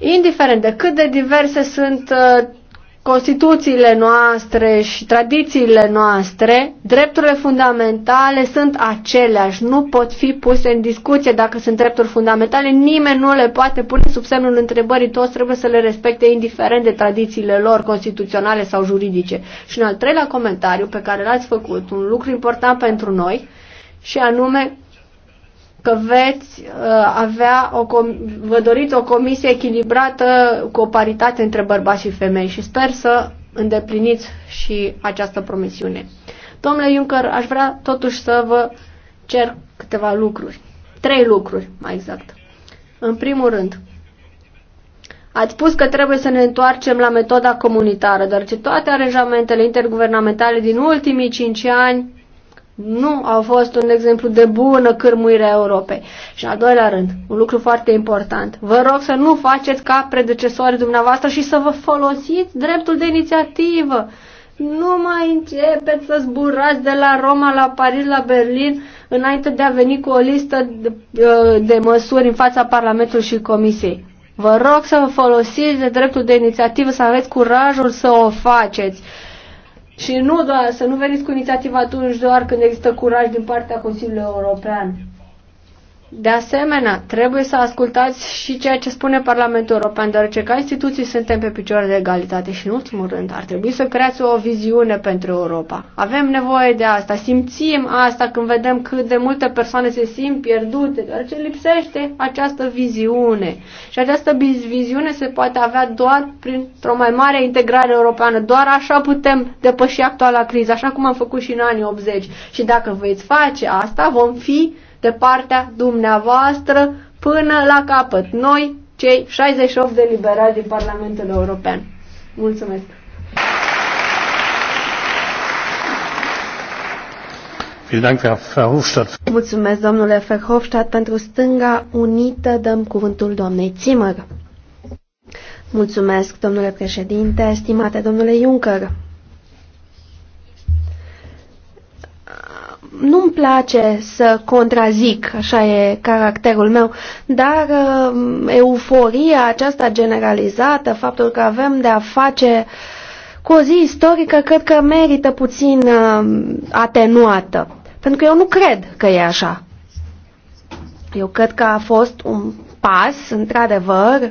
Indiferent de cât de diverse sunt uh, Constituțiile noastre și tradițiile noastre, drepturile fundamentale sunt aceleași, nu pot fi puse în discuție dacă sunt drepturi fundamentale, nimeni nu le poate pune sub semnul întrebării, toți trebuie să le respecte indiferent de tradițiile lor constituționale sau juridice. Și în al treilea comentariu pe care l-ați făcut, un lucru important pentru noi, și anume că veți uh, avea o com- vă doriți o comisie echilibrată cu o paritate între bărbați și femei și sper să îndepliniți și această promisiune. Domnule Juncker, aș vrea totuși să vă cer câteva lucruri. Trei lucruri, mai exact. În primul rând, ați spus că trebuie să ne întoarcem la metoda comunitară, deoarece toate aranjamentele interguvernamentale din ultimii cinci ani nu au fost un exemplu de bună cârmuire a Europei. Și al doilea rând, un lucru foarte important, vă rog să nu faceți ca predecesorii dumneavoastră și să vă folosiți dreptul de inițiativă. Nu mai începeți să zburați de la Roma la Paris la Berlin înainte de a veni cu o listă de, de măsuri în fața Parlamentului și Comisiei. Vă rog să vă folosiți de dreptul de inițiativă, să aveți curajul să o faceți și nu doar, să nu veniți cu inițiativa atunci doar când există curaj din partea Consiliului European. De asemenea, trebuie să ascultați și ceea ce spune Parlamentul European, deoarece ca instituții suntem pe picioare de egalitate și, în ultimul rând, ar trebui să creați o viziune pentru Europa. Avem nevoie de asta, simțim asta când vedem cât de multe persoane se simt pierdute, deoarece lipsește această viziune. Și această viziune se poate avea doar printr-o mai mare integrare europeană. Doar așa putem depăși actuala criză, așa cum am făcut și în anii 80. Și dacă veți face asta, vom fi de partea dumneavoastră până la capăt. Noi, cei 68 de liberali din Parlamentul European. Mulțumesc! Mulțumesc, domnule Verhofstadt. Pentru Stânga Unită dăm cuvântul doamnei Zimmer. Mulțumesc, domnule președinte, stimate domnule Juncker. nu-mi place să contrazic, așa e caracterul meu, dar uh, euforia aceasta generalizată, faptul că avem de a face cu o zi istorică, cred că merită puțin uh, atenuată. Pentru că eu nu cred că e așa. Eu cred că a fost un pas, într-adevăr,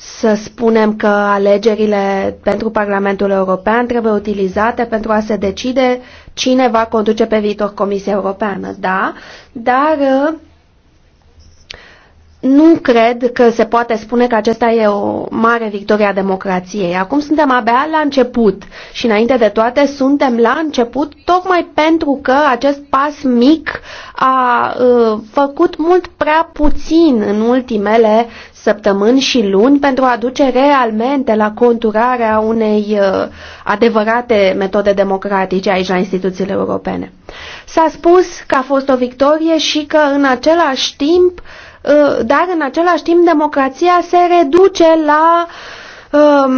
să spunem că alegerile pentru Parlamentul European trebuie utilizate pentru a se decide cine va conduce pe viitor Comisia Europeană, da, dar uh, nu cred că se poate spune că acesta e o mare victorie a democrației. Acum suntem abia la început și înainte de toate suntem la început tocmai pentru că acest pas mic a uh, făcut mult prea puțin în ultimele săptămâni și luni pentru a duce realmente la conturarea unei uh, adevărate metode democratice aici la instituțiile europene. S-a spus că a fost o victorie și că în același timp uh, Uh, dar în același timp democrația se reduce la um,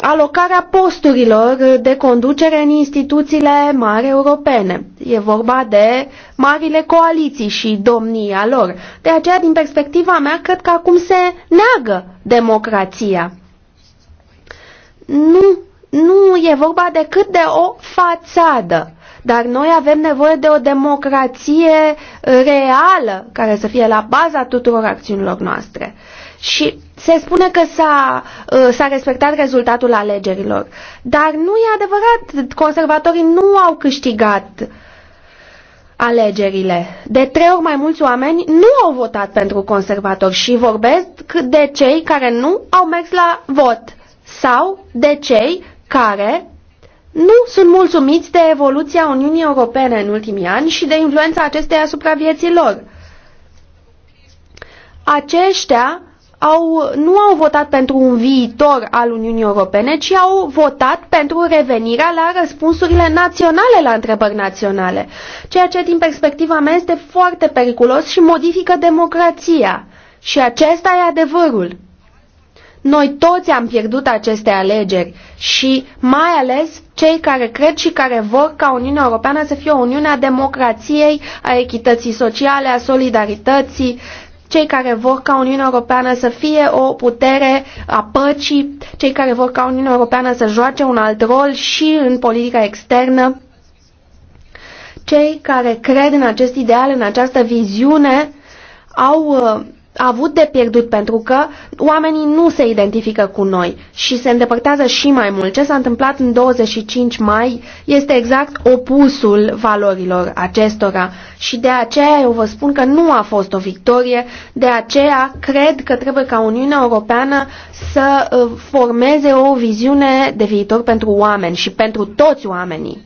alocarea posturilor de conducere în instituțiile mari europene. E vorba de marile coaliții și domnia lor. De aceea, din perspectiva mea, cred că acum se neagă democrația. Nu, nu e vorba decât de o fațadă. Dar noi avem nevoie de o democrație uh, reală care să fie la baza tuturor acțiunilor noastre. Și se spune că s-a, uh, s-a respectat rezultatul alegerilor. Dar nu e adevărat. Conservatorii nu au câștigat alegerile. De trei ori mai mulți oameni nu au votat pentru conservatori și vorbesc de cei care nu au mers la vot sau de cei care nu sunt mulțumiți de evoluția Uniunii Europene în ultimii ani și de influența acesteia asupra vieții lor. Aceștia au, nu au votat pentru un viitor al Uniunii Europene, ci au votat pentru revenirea la răspunsurile naționale la întrebări naționale, ceea ce din perspectiva mea este foarte periculos și modifică democrația. Și acesta e adevărul. Noi toți am pierdut aceste alegeri și mai ales cei care cred și care vor ca Uniunea Europeană să fie o Uniune a democrației, a echității sociale, a solidarității, cei care vor ca Uniunea Europeană să fie o putere a păcii, cei care vor ca Uniunea Europeană să joace un alt rol și în politica externă, cei care cred în acest ideal, în această viziune, au uh, avut de pierdut pentru că oamenii nu se identifică cu noi și se îndepărtează și mai mult. Ce s-a întâmplat în 25 mai este exact opusul valorilor acestora și de aceea eu vă spun că nu a fost o victorie, de aceea cred că trebuie ca Uniunea Europeană să uh, formeze o viziune de viitor pentru oameni și pentru toți oamenii.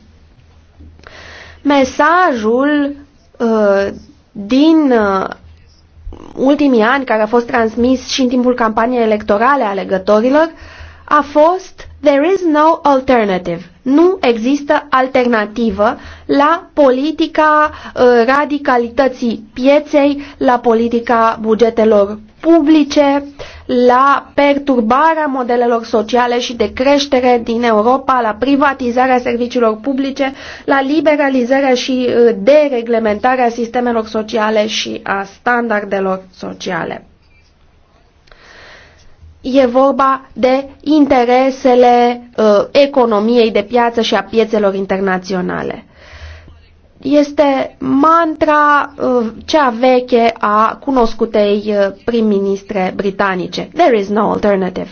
Mesajul uh, din uh, ultimii ani, care a fost transmis și în timpul campaniei electorale a alegătorilor, a fost There is no alternative. Nu există alternativă la politica uh, radicalității pieței, la politica bugetelor publice la perturbarea modelelor sociale și de creștere din Europa, la privatizarea serviciilor publice, la liberalizarea și uh, dereglementarea sistemelor sociale și a standardelor sociale. E vorba de interesele uh, economiei de piață și a piețelor internaționale este mantra uh, cea veche a cunoscutei uh, prim-ministre britanice. There is no alternative.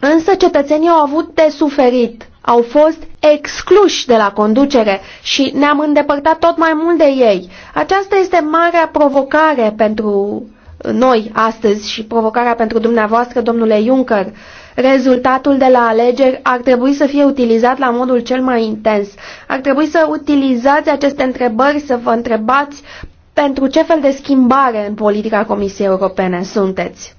Însă cetățenii au avut de suferit, au fost excluși de la conducere și ne-am îndepărtat tot mai mult de ei. Aceasta este marea provocare pentru noi astăzi și provocarea pentru dumneavoastră, domnule Juncker. Uh, rezultatul de la alegeri ar trebui să fie utilizat la modul cel mai intens. Ar trebui să utilizați aceste întrebări, să vă întrebați pentru ce fel de schimbare în politica Comisiei Europene sunteți.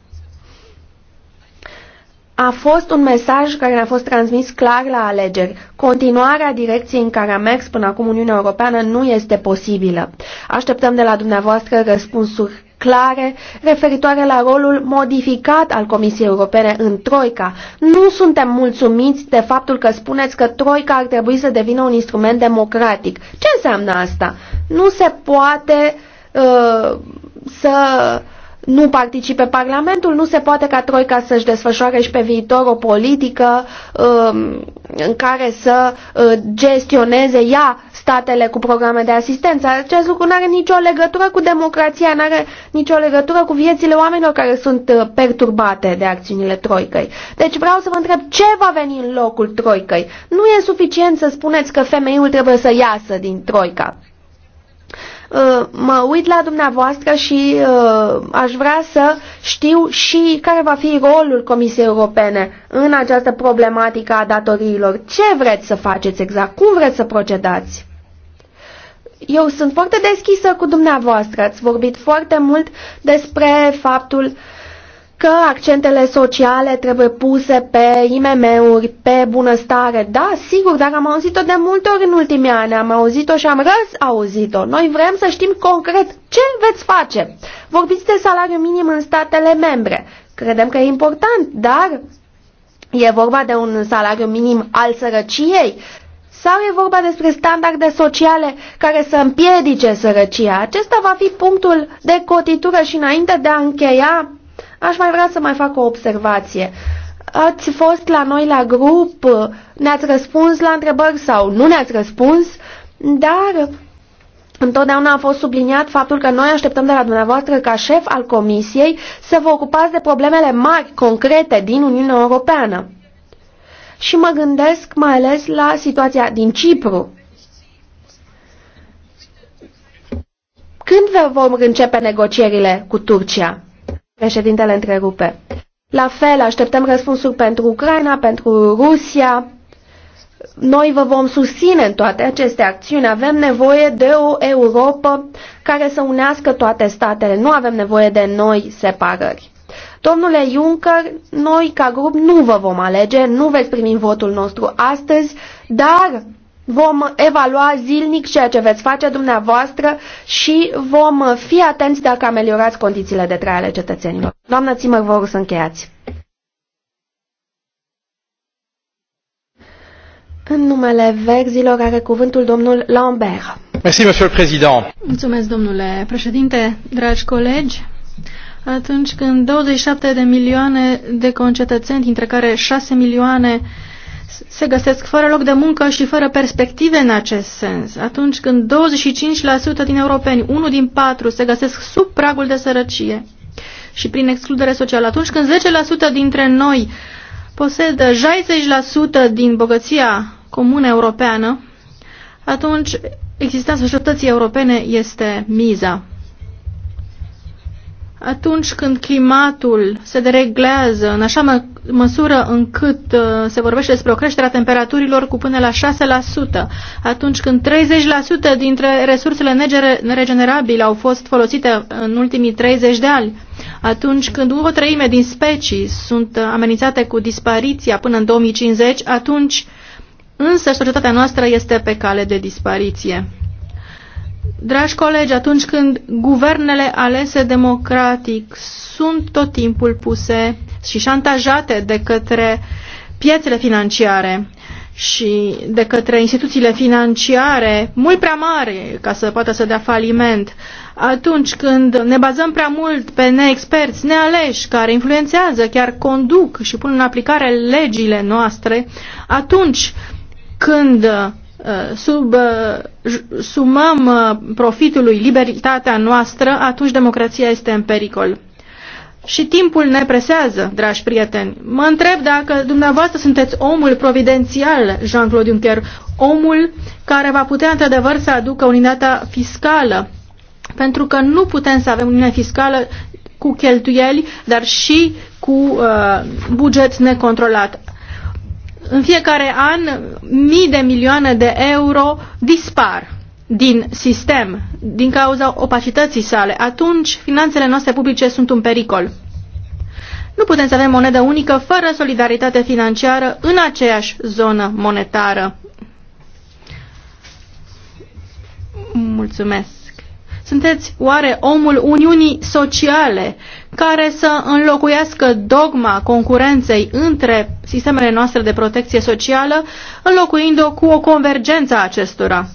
A fost un mesaj care ne-a fost transmis clar la alegeri. Continuarea direcției în care a mers până acum Uniunea Europeană nu este posibilă. Așteptăm de la dumneavoastră răspunsuri clare referitoare la rolul modificat al Comisiei Europene în Troica. Nu suntem mulțumiți de faptul că spuneți că Troica ar trebui să devină un instrument democratic. Ce înseamnă asta? Nu se poate uh, să nu participe Parlamentul, nu se poate ca Troica să-și desfășoare și pe viitor o politică um, în care să uh, gestioneze ea statele cu programe de asistență. Acest lucru nu are nicio legătură cu democrația, nu are nicio legătură cu viețile oamenilor care sunt uh, perturbate de acțiunile Troicăi. Deci vreau să vă întreb ce va veni în locul Troicăi. Nu e suficient să spuneți că femeiul trebuie să iasă din Troica. Uh, mă uit la dumneavoastră și uh, aș vrea să știu și care va fi rolul Comisiei Europene în această problematică a datoriilor. Ce vreți să faceți exact? Cum vreți să procedați? Eu sunt foarte deschisă cu dumneavoastră. Ați vorbit foarte mult despre faptul uh, că accentele sociale trebuie puse pe IMM-uri, pe bunăstare. Da, sigur, dar am auzit-o de multe ori în ultimii ani, am auzit-o și am răs auzit-o. Noi vrem să știm concret ce veți face. Vorbiți de salariu minim în statele membre. Credem că e important, dar e vorba de un salariu minim al sărăciei. Sau e vorba despre standarde sociale care să împiedice sărăcia? Acesta va fi punctul de cotitură și înainte de a încheia Aș mai vrea să mai fac o observație. Ați fost la noi la grup, ne-ați răspuns la întrebări sau nu ne-ați răspuns, dar Întotdeauna a fost subliniat faptul că noi așteptăm de la dumneavoastră ca șef al Comisiei să vă ocupați de problemele mari, concrete din Uniunea Europeană. Și mă gândesc mai ales la situația din Cipru. Când vom începe negocierile cu Turcia? Președintele întrerupe. La fel, așteptăm răspunsuri pentru Ucraina, pentru Rusia. Noi vă vom susține în toate aceste acțiuni. Avem nevoie de o Europa care să unească toate statele. Nu avem nevoie de noi separări. Domnule Juncker, noi ca grup nu vă vom alege, nu veți primi votul nostru astăzi, dar vom evalua zilnic ceea ce veți face dumneavoastră și vom fi atenți dacă ameliorați condițiile de trai ale cetățenilor. Doamna Țimăr, vă rog să încheiați. În numele verzilor are cuvântul domnul Lambert. Merci, monsieur le président. Mulțumesc, domnule președinte, dragi colegi. Atunci când 27 de milioane de concetățeni, dintre care 6 milioane uh, se găsesc fără loc de muncă și fără perspective în acest sens. Atunci când 25% din europeni, unul din patru, se găsesc sub pragul de sărăcie și prin excludere socială, atunci când 10% dintre noi posedă 60% din bogăția comună europeană, atunci existența societății europene este miza atunci când climatul se dereglează în așa mă măsură încât uh, se vorbește despre o creștere a temperaturilor cu până la 6%, atunci când 30% dintre resursele regenerabile au fost folosite în ultimii 30 de ani, atunci când o treime din specii sunt amenințate cu dispariția până în 2050, atunci însă societatea noastră este pe cale de dispariție. Dragi colegi, atunci când guvernele alese democratic sunt tot timpul puse și șantajate de către piețele financiare și de către instituțiile financiare mult prea mari ca să poată să dea faliment, atunci când ne bazăm prea mult pe neexperți, nealeși, care influențează, chiar conduc și pun în aplicare legile noastre, atunci când Uh, sub, uh, sumăm uh, profitului libertatea noastră, atunci democrația este în pericol. Și timpul ne presează, dragi prieteni. Mă întreb dacă dumneavoastră sunteți omul providențial, Jean-Claude Juncker, omul care va putea într-adevăr să aducă unitatea fiscală. Pentru că nu putem să avem uniune fiscală cu cheltuieli, dar și cu uh, buget necontrolat în fiecare an mii de milioane de euro dispar din sistem din cauza opacității sale, atunci finanțele noastre publice sunt un pericol. Nu putem să avem monedă unică fără solidaritate financiară în aceeași zonă monetară. Mulțumesc. Sunteți oare omul Uniunii Sociale care să înlocuiască dogma concurenței între sistemele noastre de protecție socială, înlocuind-o cu o convergență a acestora,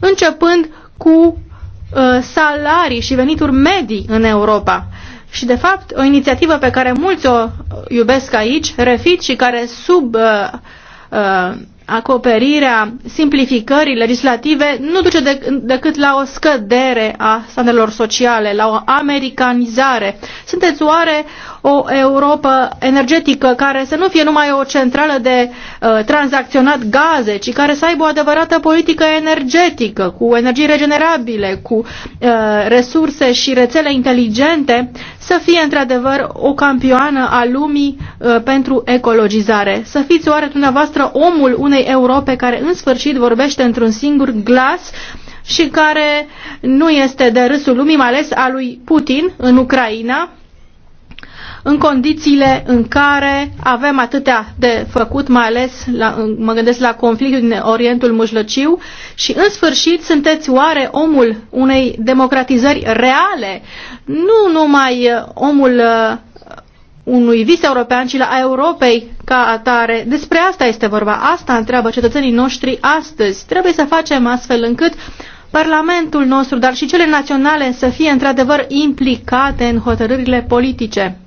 începând cu uh, salarii și venituri medii în Europa. Și, de fapt, o inițiativă pe care mulți o iubesc aici, Refit, și care sub uh, uh, acoperirea simplificării legislative nu duce de, decât la o scădere a standardelor sociale, la o americanizare. Sunteți oare o Europa energetică care să nu fie numai o centrală de uh, tranzacționat gaze, ci care să aibă o adevărată politică energetică, cu energii regenerabile, cu uh, resurse și rețele inteligente să fie într-adevăr o campioană a lumii uh, pentru ecologizare. Să fiți oare dumneavoastră omul unei Europe care în sfârșit vorbește într-un singur glas și care nu este de râsul lumii, mai ales a lui Putin în Ucraina, în condițiile în care avem atâtea de făcut, mai ales la, mă gândesc la conflictul din Orientul Mijlociu și în sfârșit sunteți oare omul unei democratizări reale, nu numai uh, omul uh, unui vis european, ci la Europei ca atare. Despre asta este vorba. Asta întreabă cetățenii noștri astăzi. Trebuie să facem astfel încât Parlamentul nostru, dar și cele naționale, să fie într-adevăr implicate în hotărârile politice.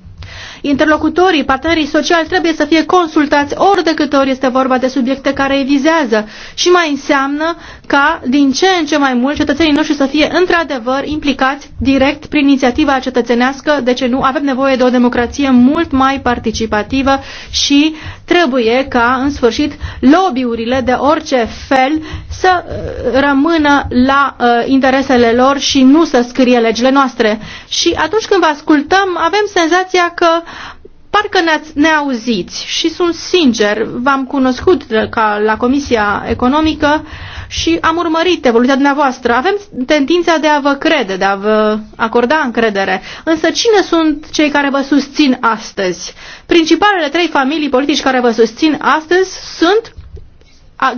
Interlocutorii, partenerii sociali trebuie să fie consultați ori de câte ori este vorba de subiecte care îi vizează și mai înseamnă ca din ce în ce mai mult cetățenii noștri să fie într-adevăr implicați direct prin inițiativa cetățenească, de ce nu? Avem nevoie de o democrație mult mai participativă și trebuie ca, în sfârșit, lobbyurile de orice fel să uh, rămână la uh, interesele lor și nu să scrie legile noastre. Și atunci când vă ascultăm, avem senzația că Parcă ne-ați neauziți și sunt sincer, v-am cunoscut ca la Comisia Economică și am urmărit evoluția dumneavoastră. Avem tendința de a vă crede, de a vă acorda încredere. Însă cine sunt cei care vă susțin astăzi? Principalele trei familii politici care vă susțin astăzi sunt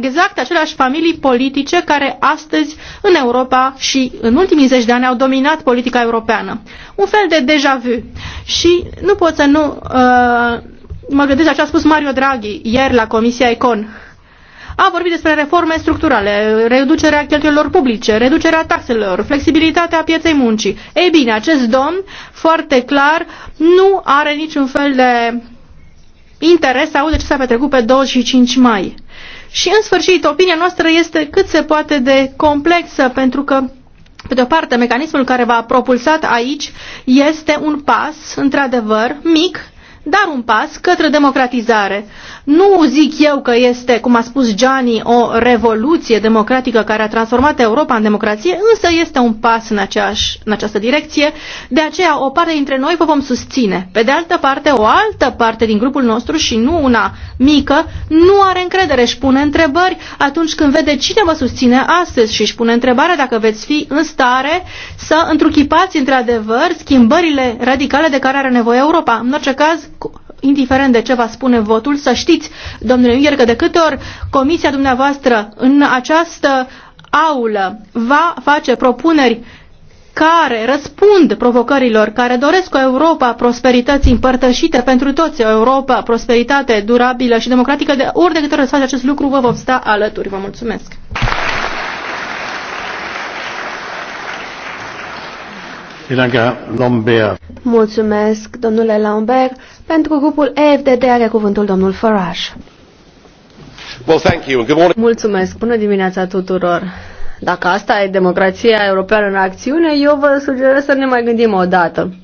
exact aceleași familii politice care astăzi în Europa și în ultimii zeci de ani au dominat politica europeană. Un fel de deja vu. Și nu pot să nu uh, mă gândesc la ce a spus Mario Draghi ieri la Comisia Econ. A vorbit despre reforme structurale, reducerea cheltuielor publice, reducerea taxelor, flexibilitatea pieței muncii. Ei bine, acest domn, foarte clar, nu are niciun fel de interes să audă ce s-a petrecut pe 25 mai. Și în sfârșit, opinia noastră este cât se poate de complexă, pentru că pe de o parte, mecanismul care v-a propulsat aici este un pas, într-adevăr, mic, dar un pas către democratizare. Nu zic eu că este, cum a spus Gianni, o revoluție democratică care a transformat Europa în democrație, însă este un pas în, aceeași, în această direcție, de aceea o parte dintre noi vă vom susține. Pe de altă parte, o altă parte din grupul nostru și nu una mică, nu are încredere, își pune întrebări atunci când vede cine vă susține astăzi și își pune întrebarea dacă veți fi în stare să întruchipați într-adevăr schimbările radicale de care are nevoie Europa. În orice caz, indiferent de ce va spune votul, să știți, domnule Inger, că de câte ori comisia dumneavoastră în această aulă va face propuneri care răspund provocărilor, care doresc o Europa prosperității împărtășite pentru toți, o Europa prosperitate durabilă și democratică, de ori de câte ori să face acest lucru, vă vom sta alături. Vă mulțumesc! Mulțumesc, domnule Lambert. Pentru grupul EFDD are cuvântul domnul Farage. Well, thank you. Good morning. Mulțumesc. Bună dimineața tuturor. Dacă asta e democrația europeană în acțiune, eu vă sugerez să ne mai gândim o dată.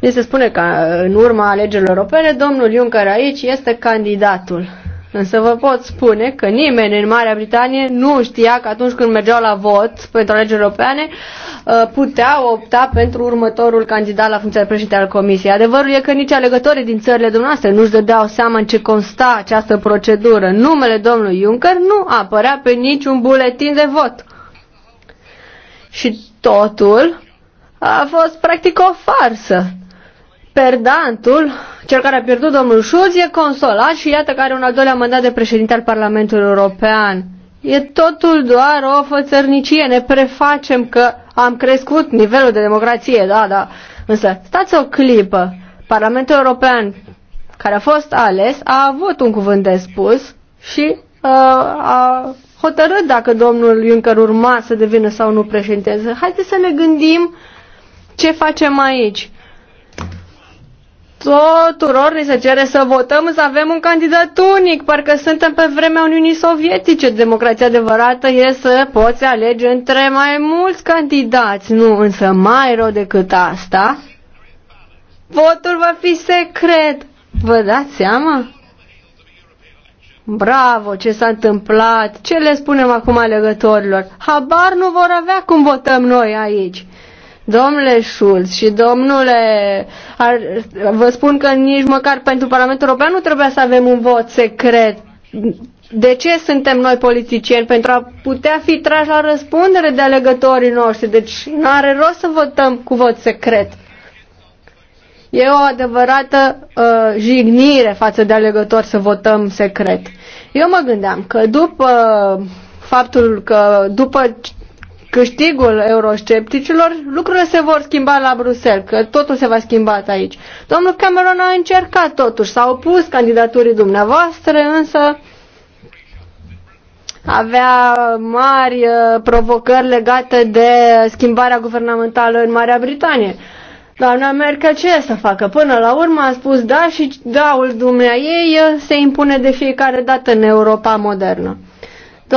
Ni se spune că în urma alegerilor europene, domnul Juncker aici este candidatul Însă vă pot spune că nimeni în Marea Britanie nu știa că atunci când mergeau la vot pentru alegeri europeane uh, puteau opta pentru următorul candidat la funcția de președinte al Comisiei. Adevărul e că nici alegătorii din țările dumneavoastră nu-și dădeau seama în ce consta această procedură. Numele domnului Juncker nu apărea pe niciun buletin de vot. Și totul a fost practic o farsă. Perdantul, cel care a pierdut domnul Șuț, e consolat și iată că are un al doilea mandat de președinte al Parlamentului European. E totul doar o fățărnicie, ne prefacem că am crescut nivelul de democrație, da, da. Însă, stați o clipă, Parlamentul European, care a fost ales, a avut un cuvânt de spus și uh, a hotărât dacă domnul Juncker urma să devină sau nu președinte. Haideți să ne gândim ce facem aici tuturor ni se cere să votăm, să avem un candidat unic, parcă suntem pe vremea Uniunii Sovietice. Democrația adevărată e să poți alege între mai mulți candidați, nu însă mai rău decât asta. Votul va fi secret. Vă dați seama? Bravo, ce s-a întâmplat, ce le spunem acum alegătorilor? Habar nu vor avea cum votăm noi aici. Domnule Schulz și domnule, ar, vă spun că nici măcar pentru Parlamentul European nu trebuia să avem un vot secret. De ce suntem noi politicieni? Pentru a putea fi trași la răspundere de alegătorii noștri. Deci nu are rost să votăm cu vot secret. E o adevărată uh, jignire față de alegători să votăm secret. Eu mă gândeam că după faptul că după câștigul euroscepticilor, lucrurile se vor schimba la Bruxelles, că totul se va schimba aici. Domnul Cameron a încercat totuși, s-a opus candidaturii dumneavoastră, însă avea mari uh, provocări legate de schimbarea guvernamentală în Marea Britanie. Doamna Merkel ce să facă? Până la urmă a spus da și daul dumneai ei uh, se impune de fiecare dată în Europa modernă.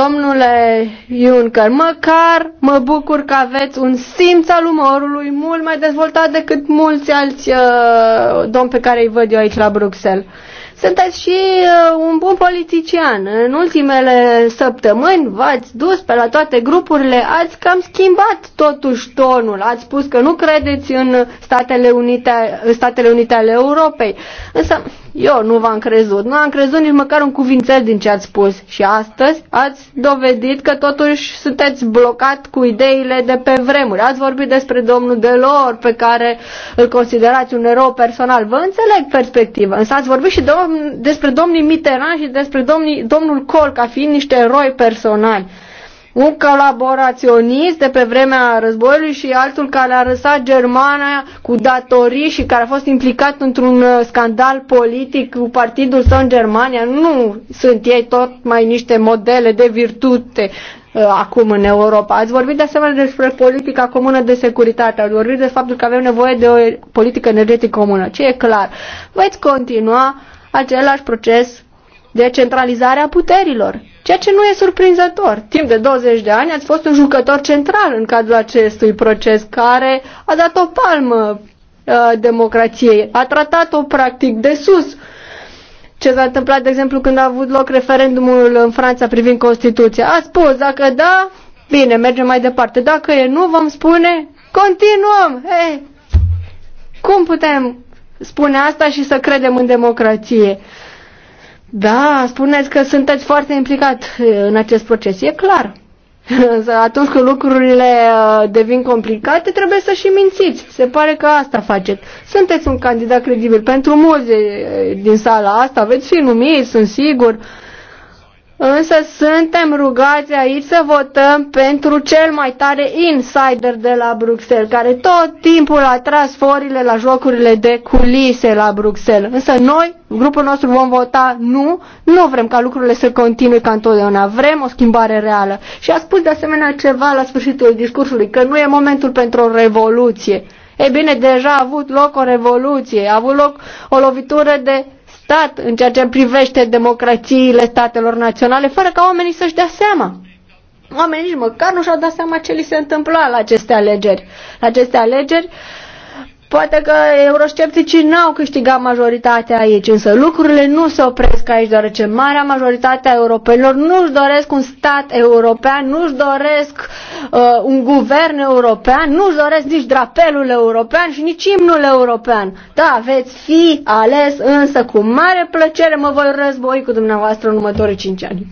Domnule Juncker, măcar mă bucur că aveți un simț al umorului mult mai dezvoltat decât mulți alți uh, domni pe care îi văd eu aici la Bruxelles. Sunteți și uh, un bun politician. În ultimele săptămâni v-ați dus pe la toate grupurile, ați cam schimbat totuși tonul. Ați spus că nu credeți în Statele Unite, Statele Unite ale Europei. Însă eu nu v-am crezut. Nu am crezut nici măcar un cuvințel din ce ați spus. Și astăzi ați dovedit că totuși sunteți blocat cu ideile de pe vremuri. Ați vorbit despre domnul Delor, pe care îl considerați un erou personal. Vă înțeleg perspectiva, însă ați vorbit și domn, despre domnii Mitterrand și despre domnii, domnul Col ca fiind niște eroi personali un colaboraționist de pe vremea războiului și altul care a răsat Germania cu datorii și care a fost implicat într-un uh, scandal politic cu partidul său în Germania. Nu sunt ei tot mai niște modele de virtute uh, acum în Europa. Ați vorbit de asemenea despre politica comună de securitate, ați vorbit de faptul că avem nevoie de o politică energetică comună. Ce e clar? Veți continua același proces de centralizare a puterilor Ceea ce nu e surprinzător. Timp de 20 de ani ați fost un jucător central în cadrul acestui proces care a dat o palmă uh, democrației, a tratat-o practic de sus. Ce s-a întâmplat, de exemplu, când a avut loc referendumul în Franța privind Constituția? A spus, dacă da, bine, mergem mai departe. Dacă e nu, vom spune, continuăm. Hey, cum putem spune asta și să credem în democrație? Uh, da, spuneți că sunteți foarte implicat în acest proces, e clar. atunci când lucrurile uh, devin complicate, trebuie să și mințiți. Se pare că asta faceți. Sunteți un candidat credibil. Pentru mulți din sala asta veți fi numiți, sunt sigur. Uh, Însă suntem rugați aici să votăm pentru cel mai tare insider de la Bruxelles, care tot timpul a tras forile la jocurile de culise la Bruxelles. Însă noi, grupul nostru, vom vota nu, nu vrem ca lucrurile să continue ca întotdeauna, vrem o schimbare reală. Și a spus de asemenea ceva la sfârșitul discursului, că nu e momentul pentru o revoluție. E bine, deja a avut loc o revoluție, a avut loc o lovitură de stat în ceea ce privește democrațiile statelor naționale, fără ca oamenii să-și dea seama. Oamenii nici măcar nu și-au dat seama ce li se întâmpla la aceste alegeri. La aceste alegeri uh, Poate că euroscepticii n-au câștigat majoritatea aici, însă lucrurile nu se opresc aici, deoarece marea majoritate a europenilor nu-și doresc un stat european, nu-și doresc uh, un guvern european, nu-și doresc nici drapelul european și nici imnul european. Da, veți fi ales, însă cu mare plăcere mă voi război cu dumneavoastră în următorii cinci ani.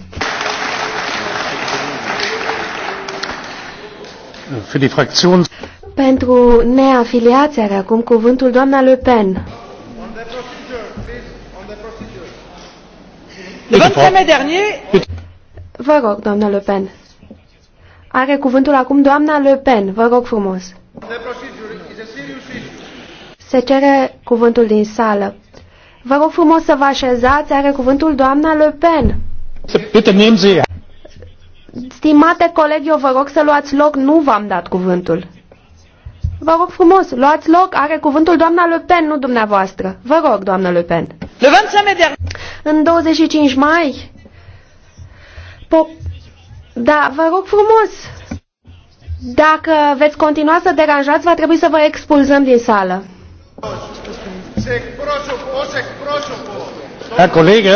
Für die pentru neafiliați are acum cuvântul doamna Le Pen. Vă rog, doamna Le Pen. Are cuvântul acum doamna Le Pen. Vă rog frumos. Se cere cuvântul din sală. Vă rog frumos să vă așezați. Are cuvântul doamna Le Pen. Stimate coleg, eu vă rog să luați loc. Nu v-am dat cuvântul. Vă rog frumos, luați loc, are cuvântul doamna Le Pen, nu dumneavoastră. Vă rog, doamna Le Pen. Le În 25 mai... Po da, vă rog frumos. Dacă veți continua să deranjați, va trebui să vă expulzăm din sală. Herr Kollege,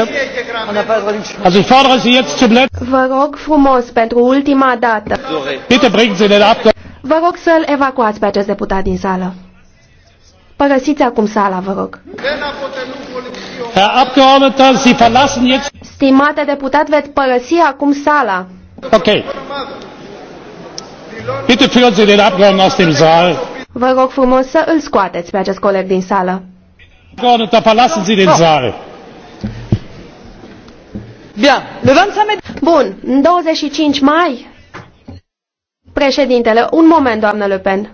also ich fordere Sie jetzt zum letzten Vă rog frumos, pentru ultima dată. Bitte bringen Sie den Abgeordneten. Vă rog să-l evacuați pe acest deputat din sală. Părăsiți acum sala, vă rog. Stimate deputat, veți părăsi acum sala. Ok. Bitte führen Sie den Abgeordneten aus dem Saal. Vă rog frumos să îl scoateți pe acest coleg din sală. Abgeordneter, verlassen Sie den Saal. Bun, în 25 mai Președintele, un moment, doamnă Le Pen.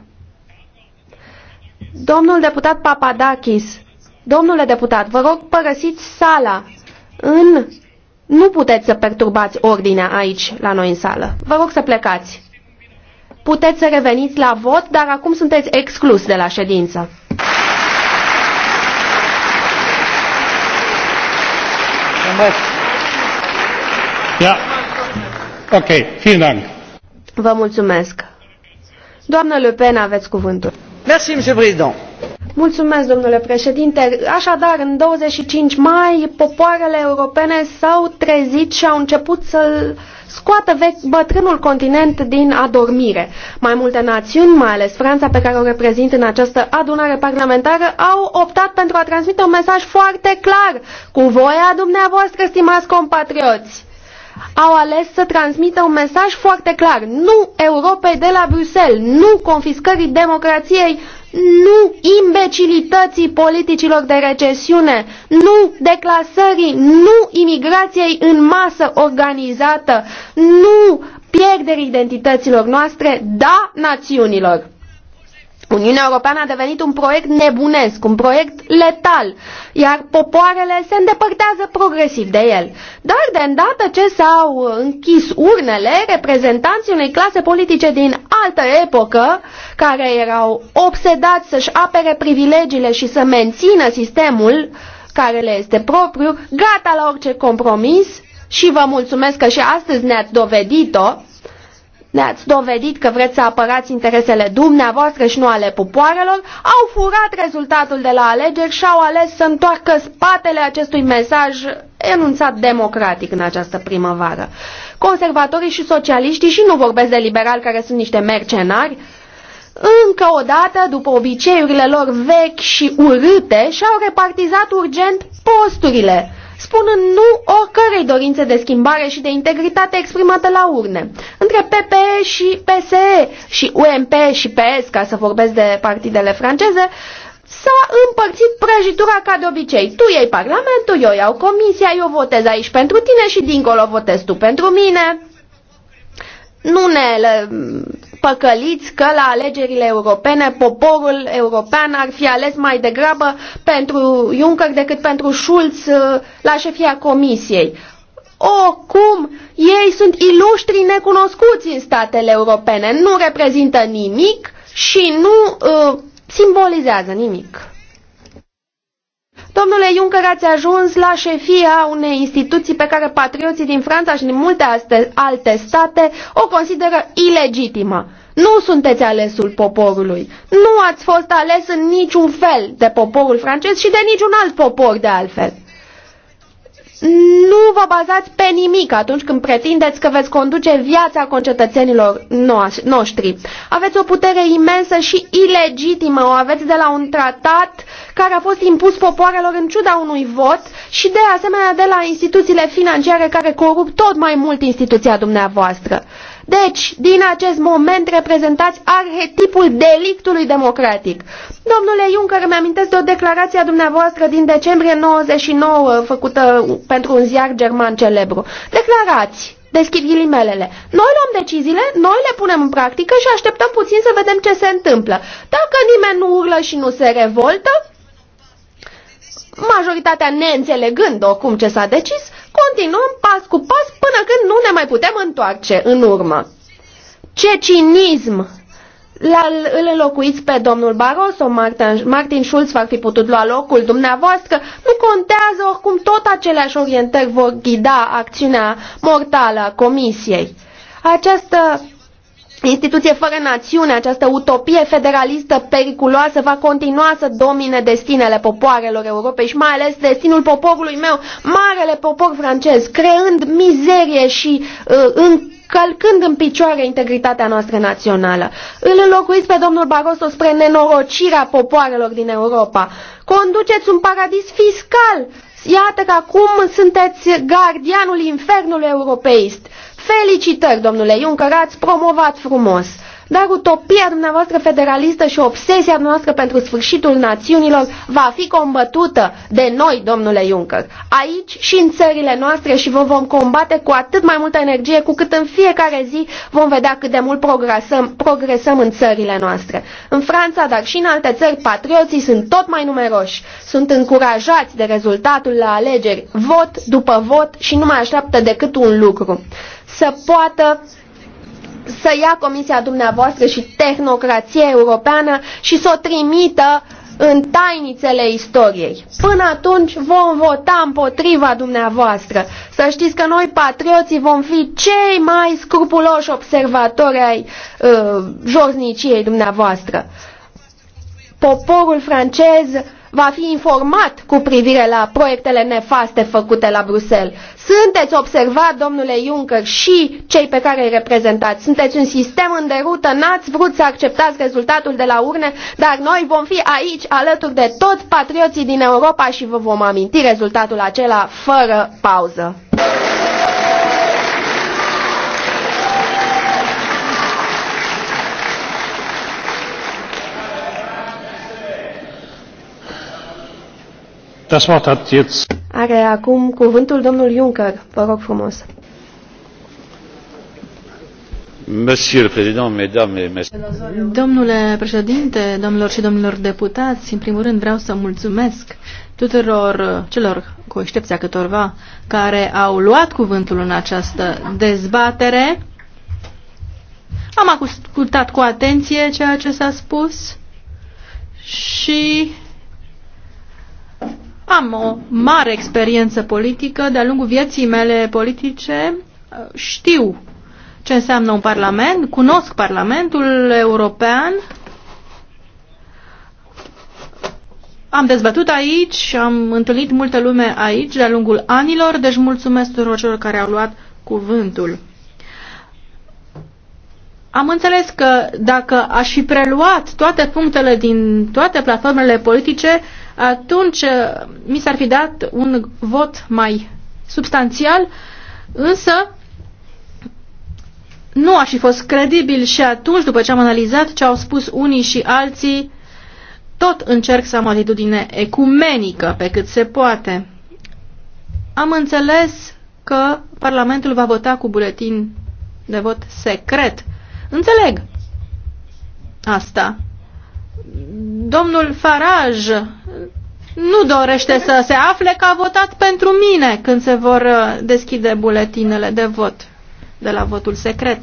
Domnul deputat Papadakis, domnule deputat, vă rog părăsiți sala. În... Nu puteți să perturbați ordinea aici, la noi în sală. Vă rog să plecați. Puteți să reveniți la vot, dar acum sunteți exclus de la ședință. Ja. Okay, vielen Dank. Vă mulțumesc. Doamnă Le Pen, aveți cuvântul. Merci, monsieur président. Mulțumesc, domnule președinte. Așadar, în 25 mai, popoarele europene s-au trezit și au început să-l scoată vechi bătrânul continent din adormire. Mai multe națiuni, mai ales Franța, pe care o reprezint în această adunare parlamentară, au optat pentru a transmite un mesaj foarte clar cu voia dumneavoastră, stimați compatrioți au ales să transmită un mesaj foarte clar. Nu Europei de la Bruxelles, nu confiscării democrației, nu imbecilității politicilor de recesiune, nu declasării, nu imigrației în masă organizată, nu pierderii identităților noastre, da națiunilor. Uniunea Europeană a devenit un proiect nebunesc, un proiect letal, iar popoarele se îndepărtează progresiv de el. Dar de îndată ce s-au închis urnele, reprezentanții unei clase politice din altă epocă, care erau obsedați să-și apere privilegiile și să mențină sistemul care le este propriu, gata la orice compromis, și vă mulțumesc că și astăzi ne-ați dovedit-o, ne-ați dovedit că vreți să apărați interesele dumneavoastră și nu ale popoarelor, au furat rezultatul de la alegeri și au ales să întoarcă spatele acestui mesaj enunțat democratic în această primăvară. Conservatorii și socialiștii, și nu vorbesc de liberali care sunt niște mercenari, încă o dată, după obiceiurile lor vechi și urâte, și-au repartizat urgent posturile spunând nu oricărei dorințe de schimbare și de integritate exprimată la urne. Între PPE și PSE și UMP și PS, ca să vorbesc de partidele franceze, S-a împărțit prăjitura ca de obicei. Tu iei parlamentul, eu iau comisia, eu votez aici pentru tine și dincolo votez tu pentru mine. Nu ne păcăliți că la alegerile europene poporul european ar fi ales mai degrabă pentru Juncker decât pentru Schulz uh, la șefia comisiei. O, cum? Ei sunt iluștri necunoscuți în statele europene, nu reprezintă nimic și nu uh, simbolizează nimic. Domnule Juncker, ați ajuns la șefia unei instituții pe care patrioții din Franța și din multe alte state o consideră ilegitimă. Nu sunteți alesul poporului. Nu ați fost ales în niciun fel de poporul francez și de niciun alt popor de altfel nu vă bazați pe nimic atunci când pretindeți că veți conduce viața concetățenilor noștri. Aveți o putere imensă și ilegitimă, o aveți de la un tratat care a fost impus popoarelor în ciuda unui vot și de asemenea de la instituțiile financiare care corup tot mai mult instituția dumneavoastră. Deci, din acest moment reprezentați arhetipul delictului democratic. Domnule Juncker, îmi amintesc de o declarație a dumneavoastră din decembrie 99 făcută pentru un ziar german celebru. Declarați, deschid ghilimelele, noi luăm deciziile, noi le punem în practică și așteptăm puțin să vedem ce se întâmplă. Dacă nimeni nu urlă și nu se revoltă, majoritatea neînțelegând oricum ce s-a decis, continuăm pas cu pas până când nu ne mai putem întoarce în urmă. Ce cinism! La, îl înlocuiți pe domnul Barroso, Martin, Martin Schulz va fi putut lua locul dumneavoastră, nu contează oricum tot aceleași orientări vor ghida acțiunea mortală a comisiei. Această instituție fără națiune, această utopie federalistă periculoasă va continua să domine destinele popoarelor Europei și mai ales destinul poporului meu, marele popor francez, creând mizerie și uh, în călcând în picioare integritatea noastră națională. Îl înlocuiți pe domnul Barroso spre nenorocirea popoarelor din Europa. Conduceți un paradis fiscal. Iată că acum sunteți gardianul infernului europeist. Felicitări, domnule Juncker, ați promovat frumos dar utopia dumneavoastră federalistă și obsesia dumneavoastră pentru sfârșitul națiunilor va fi combătută de noi, domnule Juncker, aici și în țările noastre și vă vom combate cu atât mai multă energie cu cât în fiecare zi vom vedea cât de mult progresăm, progresăm în țările noastre. În Franța, dar și în alte țări, patrioții sunt tot mai numeroși, sunt încurajați de rezultatul la alegeri, vot după vot și nu mai așteaptă decât un lucru, să poată să ia comisia dumneavoastră și tehnocrația europeană și să o trimită în tainițele istoriei. Până atunci vom vota împotriva dumneavoastră. Să știți că noi, patrioții, vom fi cei mai scrupuloși observatori ai uh, josniciei dumneavoastră. Poporul francez va fi informat cu privire la proiectele nefaste făcute la Bruxelles. Sunteți observat, domnule Juncker, și cei pe care îi reprezentați. Sunteți un sistem în derută, n-ați vrut să acceptați rezultatul de la urne, dar noi vom fi aici alături de toți patrioții din Europa și vă vom aminti rezultatul acela fără pauză. Das Wort hat jetzt... Are acum cuvântul domnul Juncker. Vă rog frumos. Monsieur Président, Mesdames et Messieurs. Domnule președinte, domnilor și domnilor deputați, în primul rând vreau să mulțumesc tuturor celor, cu excepția câtorva, care au luat cuvântul în această dezbatere. Am ascultat cu atenție ceea ce s-a spus și am o mare experiență politică de-a lungul vieții mele politice. Știu ce înseamnă un parlament, cunosc Parlamentul European. Am dezbătut aici, am întâlnit multă lume aici de-a lungul anilor, deci mulțumesc tuturor celor care au luat cuvântul. Am înțeles că dacă aș fi preluat toate punctele din toate platformele politice, uh, atunci uh, mi s-ar fi dat un vot mai substanțial, însă nu aș fi fost credibil și atunci, după ce am analizat ce au spus unii și alții, tot încerc să am o atitudine ecumenică pe cât se poate. Am înțeles că Parlamentul va vota cu buletin de vot secret. Înțeleg asta domnul Faraj nu dorește să se afle că a votat pentru mine când se vor uh, deschide buletinele de vot de la votul secret.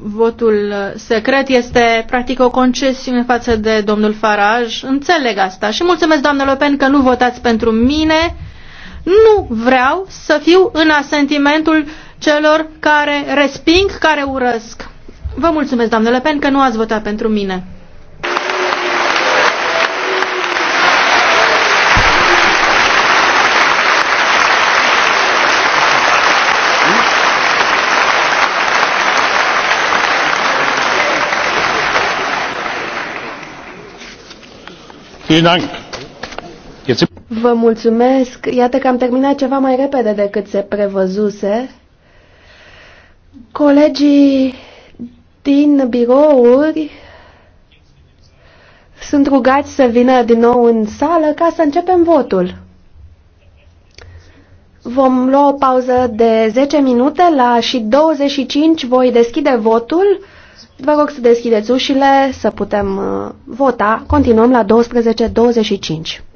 votul secret este practic o concesiune față de domnul Faraj Înțeleg asta și mulțumesc doamnelor, pentru că nu votați pentru mine. Nu vreau să fiu în asentimentul celor care resping, care urăsc. Vă mulțumesc, doamnele Le Pen, că nu ați votat pentru mine. Vielen Dank. Jetzt Vă mulțumesc. Iată că am terminat ceva mai repede decât se prevăzuse. Colegii din birouri sunt rugați să vină din nou în sală ca să începem votul. Vom lua o pauză de 10 minute la și 25 voi deschide votul. Vă rog să deschideți ușile să putem uh, vota. Continuăm la 12.25.